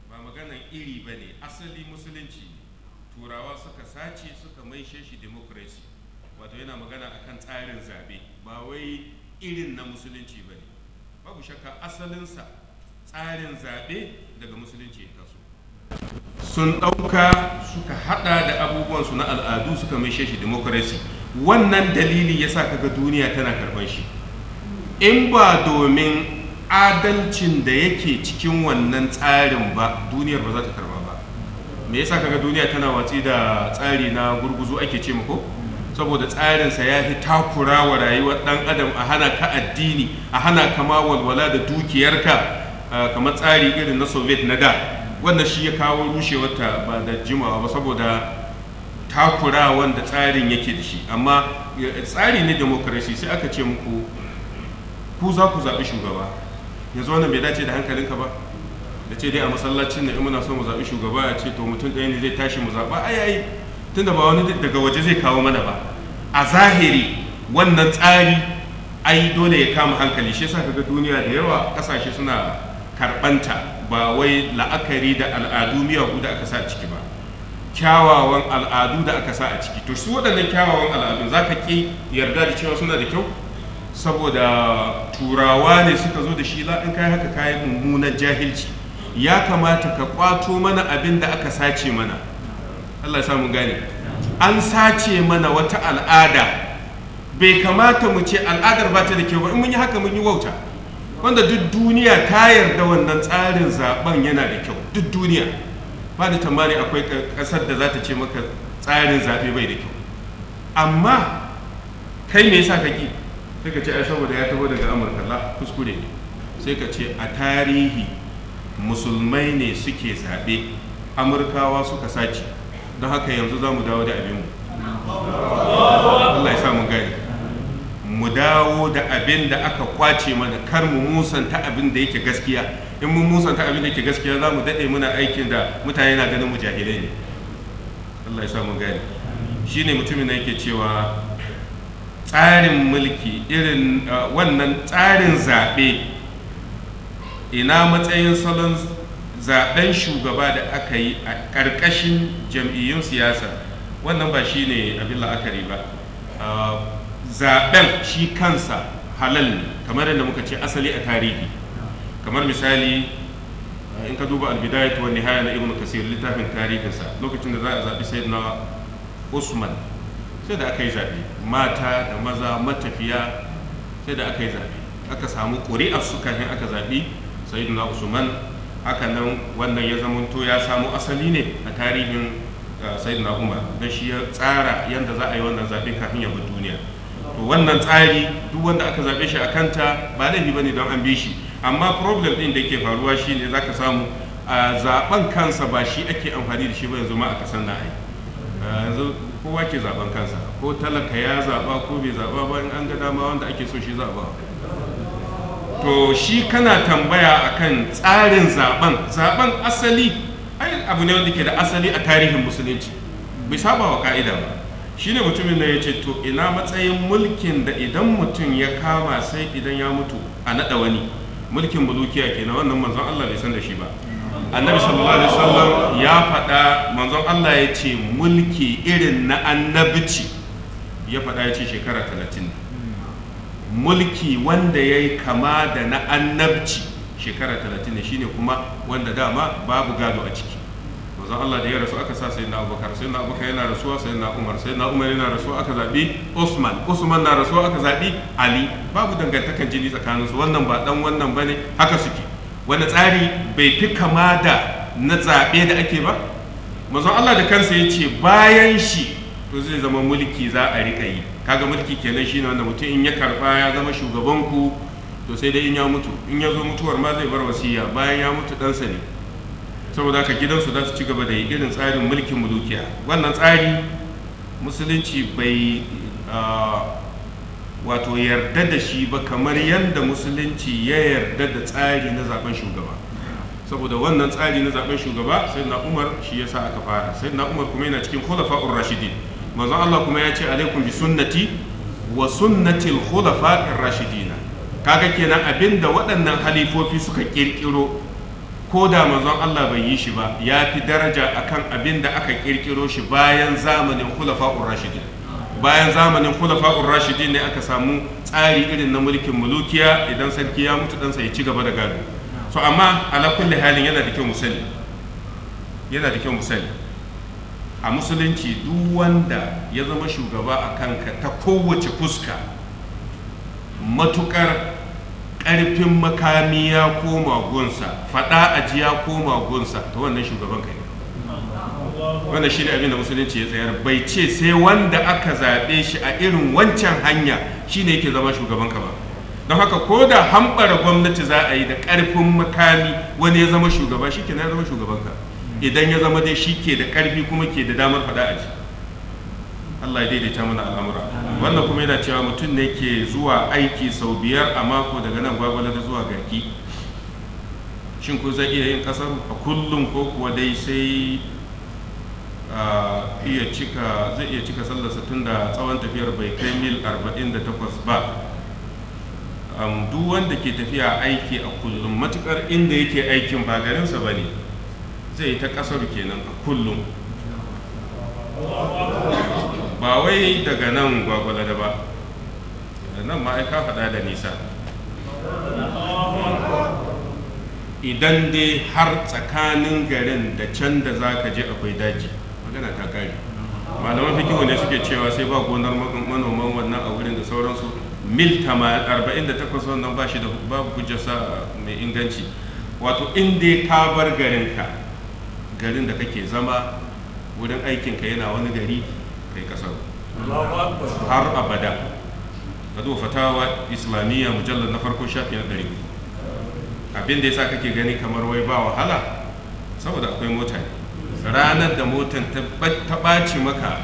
ba maganan iri bane asali musulunci turawa suka sace suka maishe shi democracy wato yana magana a kan tsarin zabe ba wai irin na musulunci ba ne babu shakka asalinsa tsarin zabe daga musulunci ya taso sun ɗauka suka haɗa da abubuwansu na al'adu suka mai shi demokarasi wannan dalili ya sa kaga duniya tana karɓar shi in ba domin adalcin da yake cikin wannan tsarin ba duniyar ba za ta karɓa ba me yasa kaga duniya tana watsi da tsari na gurguzu ake ce ko saboda tsarinsa ya fi takura wa rayuwar ɗan adam a hana ka addini a hana kama walwala da dukiyarka kamar tsari irin na soviet na da wannan shi ya kawo rushewarta ba da jimawa ba saboda takura wanda tsarin yake da shi amma tsari na demokarasi sai aka ce muku ku za ku zaɓi shugaba yanzu wannan bai dace da hankalinka ba da ce dai a masallacin na muna so mu zaɓi shugaba a ce to mutum ɗaya ne zai tashi mu zaɓa ai ai tunda ba wani daga waje zai kawo mana ba a zahiri wannan tsari ai dole ya kama hankali shi yasa ga duniya da yawa kasashe suna karbanta ba wai la'akari da al'adu miyagu da aka sa a ciki ba kyawawan al'adu da aka sa a ciki to su waɗannan kyawawan al'adu za ka ƙi yarda da cewa suna da kyau saboda turawa ne suka zo da shi la in kai haka kayi mummunan jahilci ya kamata ka kwato mana abin da aka sace mana Allah ya samu gane an sace mana wata al'ada bai kamata mu ce al'adar ba ta da kyau ba in mun yi haka mun yi wauta wanda duk duniya ta yarda wannan tsarin zaben yana da kyau duk duniya ba da tambari akwai kasar da za ta ce maka tsarin zaɓe bai da kyau amma kai me yasa kaki sai ka ce ai saboda ya taho daga amurka la kuskure ne sai ka ce a tarihi musulmai ne suke zaɓe amurkawa suka sace don haka yanzu za mu dawo da abinmu Allah ya sa mu gani mu dawo da abin da aka kwace mana kar mu musanta abin da yake gaskiya in mun musanta abin da yake gaskiya za mu daɗe muna aikin da mutane na ganin mu jahilai ne Allah ya sa mu gani shine mutumin da yake cewa tsarin mulki irin ah, wannan tsarin zaɓe ina matsayin salon zaben shugaba da aka yi a ƙarƙashin jam'iyyun siyasa wannan ba shi ne abin la'akari ba ah, zaben shi kansa halal ne kamar yadda muka ce asali a tarihi kamar misali ah, in ka duba ta wani haya na ibnu kasir littafin tarihinsa lokacin da za a zaɓi sai na usman sai da aka yi zaɓe mata da maza matafiya sai da aka yi zaɓe aka samu ƙuri'ar su kafin aka zaɓi sayyidina usman hakanan wannan ya zamanto ya samu asali ne a tarihin uh, sayyidina umar da shi ya tsara yadda za a yi wannan zaɓe kafin ya bi duniya to wannan tsari duk wanda aka zaɓe shi a kanta ba laifi ne don an bi shi amma problem ɗin da ke faruwa shi ne za ka samu a zaben kansa ba shi ake amfani da shi ba yanzu ma a kasan na ai yanzu kowa ke zaben kansa ko talaka ya zaɓa ko bai zaɓa ba in an ga dama wanda ake so shi zaɓa to shi kana tambaya akan tsarin zaben zaben asali ai abu ne wanda ke da asali a tarihin musulunci bai saba wa ka'ida ba shine mutumin da ya ce to ina matsayin mulkin da idan mutum ya kama sai idan ya mutu a naɗa wani mulkin bulukiya na wannan manzon Allah bai san da shi ba annabi sallallahu alaihi wasallam ya faɗa manzon Allah ya ce mulki irin na annabici ya faɗa ya ce shekara talatin mulki wanda ya yi kama da na annabci shekara 30 ne shine kuma wanda dama babu gado a ciki mazan Allah da ya rasu aka sa sai na Abubakar sai na Abubakar yana rasuwa sai na Umar sai na Umar yana rasuwa aka zaɓi Usman Usman na rasuwa aka zaɓi Ali babu dangantakan jini tsakanin su wannan ba dan wannan bane haka suke wani tsari bai fi kama da na zaɓe da ake ba mazan Allah da kansa ya ce bayan shi to zai zama mulki za a riƙa yi kaga mulki kenan shine wanda mutum in ya karba ya zama shugaban ku to sai dai in ya mutu in ya zo mutuwar ma zai bar wasiya bayan ya mutu ɗansa ne saboda haka gidansu za su ci gaba da irin tsarin mulkin mulukiya wannan tsari musulunci bai wato yarda da shi ba kamar yadda musulunci ya yarda da tsari na zaben shugaba saboda wannan tsari na zaben shugaba sai na umar shi ya sa aka fara sai na umar kuma yana cikin khulafa'ur rashidin manzon Allah kuma ya ce alaikum bi sunnati wa sunnati al ar rashidina kaga kenan abinda waɗannan halifofi suka kirkiro ko da manzon Allah bai yi shi ba ya fi daraja akan abinda aka kirkiro shi bayan zamanin ar rashidin bayan zamanin ar rashidin ne aka samu tsari irin na mulkin mulukiya idan sarki ya mutu ɗansa ya ci gaba da gado so amma ala kulli halin yana da kyau musali yana da kyau musali a musulunci duk wanda ya zama shugaba a kanka ta kowace fuska matukar ƙarfin makami ya koma gunsa faɗa aji ya koma gunsa ta wannan shugaban kai wanda shi ne abinda musulunci ya tsayar bai ce sai wanda aka zaɓe shi a irin wancan hanya shi ne yake zama shugaban ka ba don haka ko da hambara gwamnati za a yi da ƙarfin makami wani ya zama shugaba shi ke na zama shugaban ka idan ya zama dai shi ke da ƙarfi kuma ke da damar faɗa a ji Allah ya daidaita mana al'amura wannan kuma yana cewa mutum ne ke zuwa aiki sau biyar a mako daga nan gwagwala da zuwa garki shin ko zai iya yin kasar a kullum ko kuwa dai sai iya cika zai iya cika sallarsa tun da tsawon tafiyar bai kai mil 48 ba duk wanda ke tafiya aiki a kullum matukar inda yake aikin ba garinsa ba ne zai ta kasar kenan a kullum ba wai daga nan gwagwala da ba da nan ma'aika faɗa da nisa idan dai har tsakanin garin da can da za ka je akwai daji magana ta kari malaman fikihu ne suke cewa sai ba gonar manoman wannan a wurin da sauransu mil 48 wannan ba shi da babu hujjarsa mai inganci wato in dai ka bar garinka garin da kake zama wurin aikinka yana wani gari kai kasar har abada ka zuwa fatawa islamiyya mujallar na farko shafi na ɗari abin da ya sa kake gani kamar wai ba wahala saboda akwai mota ne ranar da motan ta ɓaci maka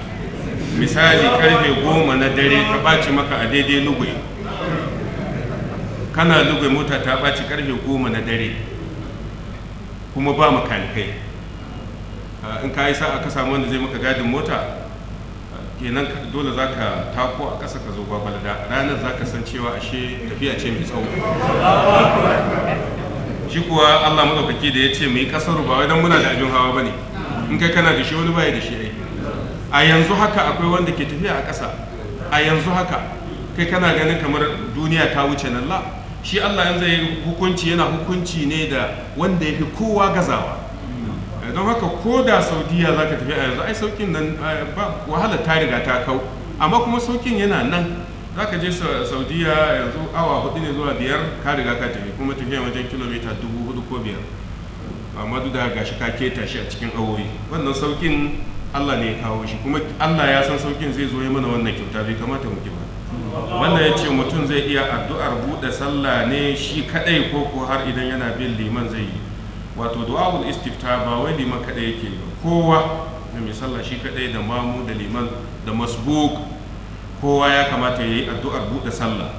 misali karfe goma na dare ta ɓaci maka a daidai lugwai kana lugwai mota ta ɓaci karfe goma na dare kuma ba makanikai Eh, in ka yi sa a samu wanda zai maka gadin mota eh, kenan dole za ka tako a ƙasa ka zo da ranar za ka san cewa ashe tafiya ce mai tsawo shi kuwa allah maɗaukaki da ya ce mu yi ƙasar ba wai muna da abin hawa ba ne in kai kana da shi wani baya da shi ai a yanzu haka akwai wanda ke tafiya a ƙasa a yanzu haka kai kana ganin kamar duniya ta wuce nan la shi allah yanzu ya yi hukunci yana hukunci ne da wanda ya fi kowa gazawa don haka ko da saudiya za ka tafi a yanzu ai saukin nan ba wahala ta riga ta kau amma kuma saukin yana nan za ka je saudiya yanzu awa hudu ne zuwa biyar ka riga ka tafi kuma tafiya wajen kilomita dubu hudu ko biyar amma duk da gashi ka keta shi a cikin awoyi wannan saukin allah ne ya kawo shi kuma allah ya san saukin zai zo ya mana wannan kyauta bai kamata mu ba wanda ya ce mutum zai iya addu'ar buɗe sallah ne shi kaɗai ko ko har idan yana bin liman zai yi wato du'a'ul istifta ba wai liman kada yake ba kowa da mai sallah shi kadai da mamu da liman da masbuk kowa ya kamata ya yi addu'ar buɗe sallah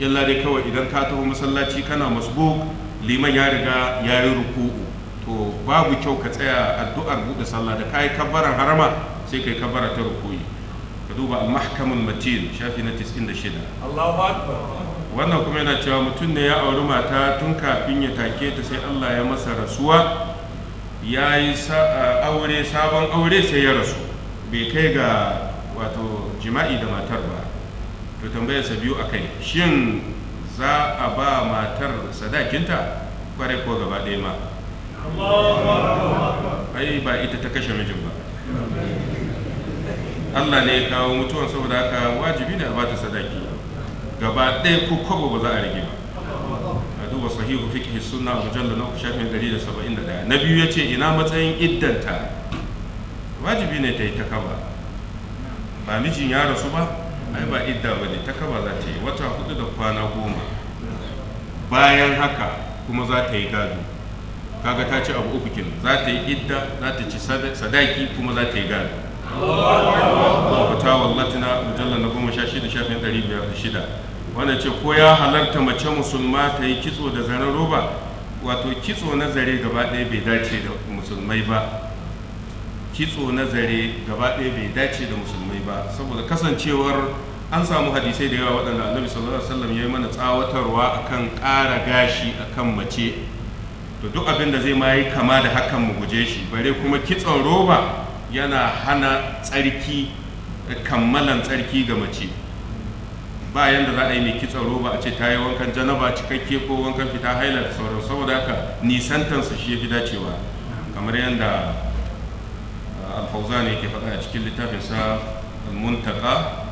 illa dai kawai idan ka taho masallaci kana masbuk liman ya riga ya yi ruku'u to babu kyau ka tsaya addu'ar buɗe sallah da kayi kabbaran harama sai kai kabbara ta rukui ka duba al-mahkamul matin shafi na 96 Allahu akbar wannan kuma yana cewa mutum ne ya auri mata tun kafin ya take ta sai Allah ya masa rasuwa ya yi aure sabon aure sai ya rasu bai kai ga wato jima'i da matar ba to tambayarsa biyu akai shin za a ba matar sadakinta kwarai ko gaba ɗaya ma ai ba ita ta kashe mijin ba Allah ne ya kawo mutuwan saboda haka wajibi ne a ba ta sadaki gaba ɗaya ko kwabo ba za a rage ba a duba sahihu fiqh sunna a mujalla na shafin 171 na biyu yace ina matsayin iddanta wajibi ne ta yi takaba ba mijin ya rasu ba ai ba idda ba ne takaba za ta yi wata hudu da kwana goma bayan haka kuma za ta yi gado kaga ta ci abu uku kin za ta yi idda za ta ci sadaki kuma za ta yi gado fatawa latina mujallar na goma sha shida shafin ɗari biyar da shida wanda ce ko ya halarta mace musulma ta yi kitso da zaren roba wato kitso na zare gaba ɗaya bai dace da musulmai ba kitso na zare gaba ɗaya bai dace da musulmai ba saboda kasancewar an samu hadisai da yawa waɗanda annabi sallallahu alaihi wasallam ya yi mana tsawatarwa akan ƙara gashi akan mace to duk abin da zai ma yi kama da hakan mu guje shi bare kuma kitson roba yana hana tsarki kammalan tsarki ga mace ba yadda za a yi mai kitson roba a ce ta yi wankan janaba cikakke ko wankan fita haila da sauran saboda haka nisantansa shi ya fi dacewa kamar yadda ah, alfauza ne ke faɗa a cikin littafinsa muntaka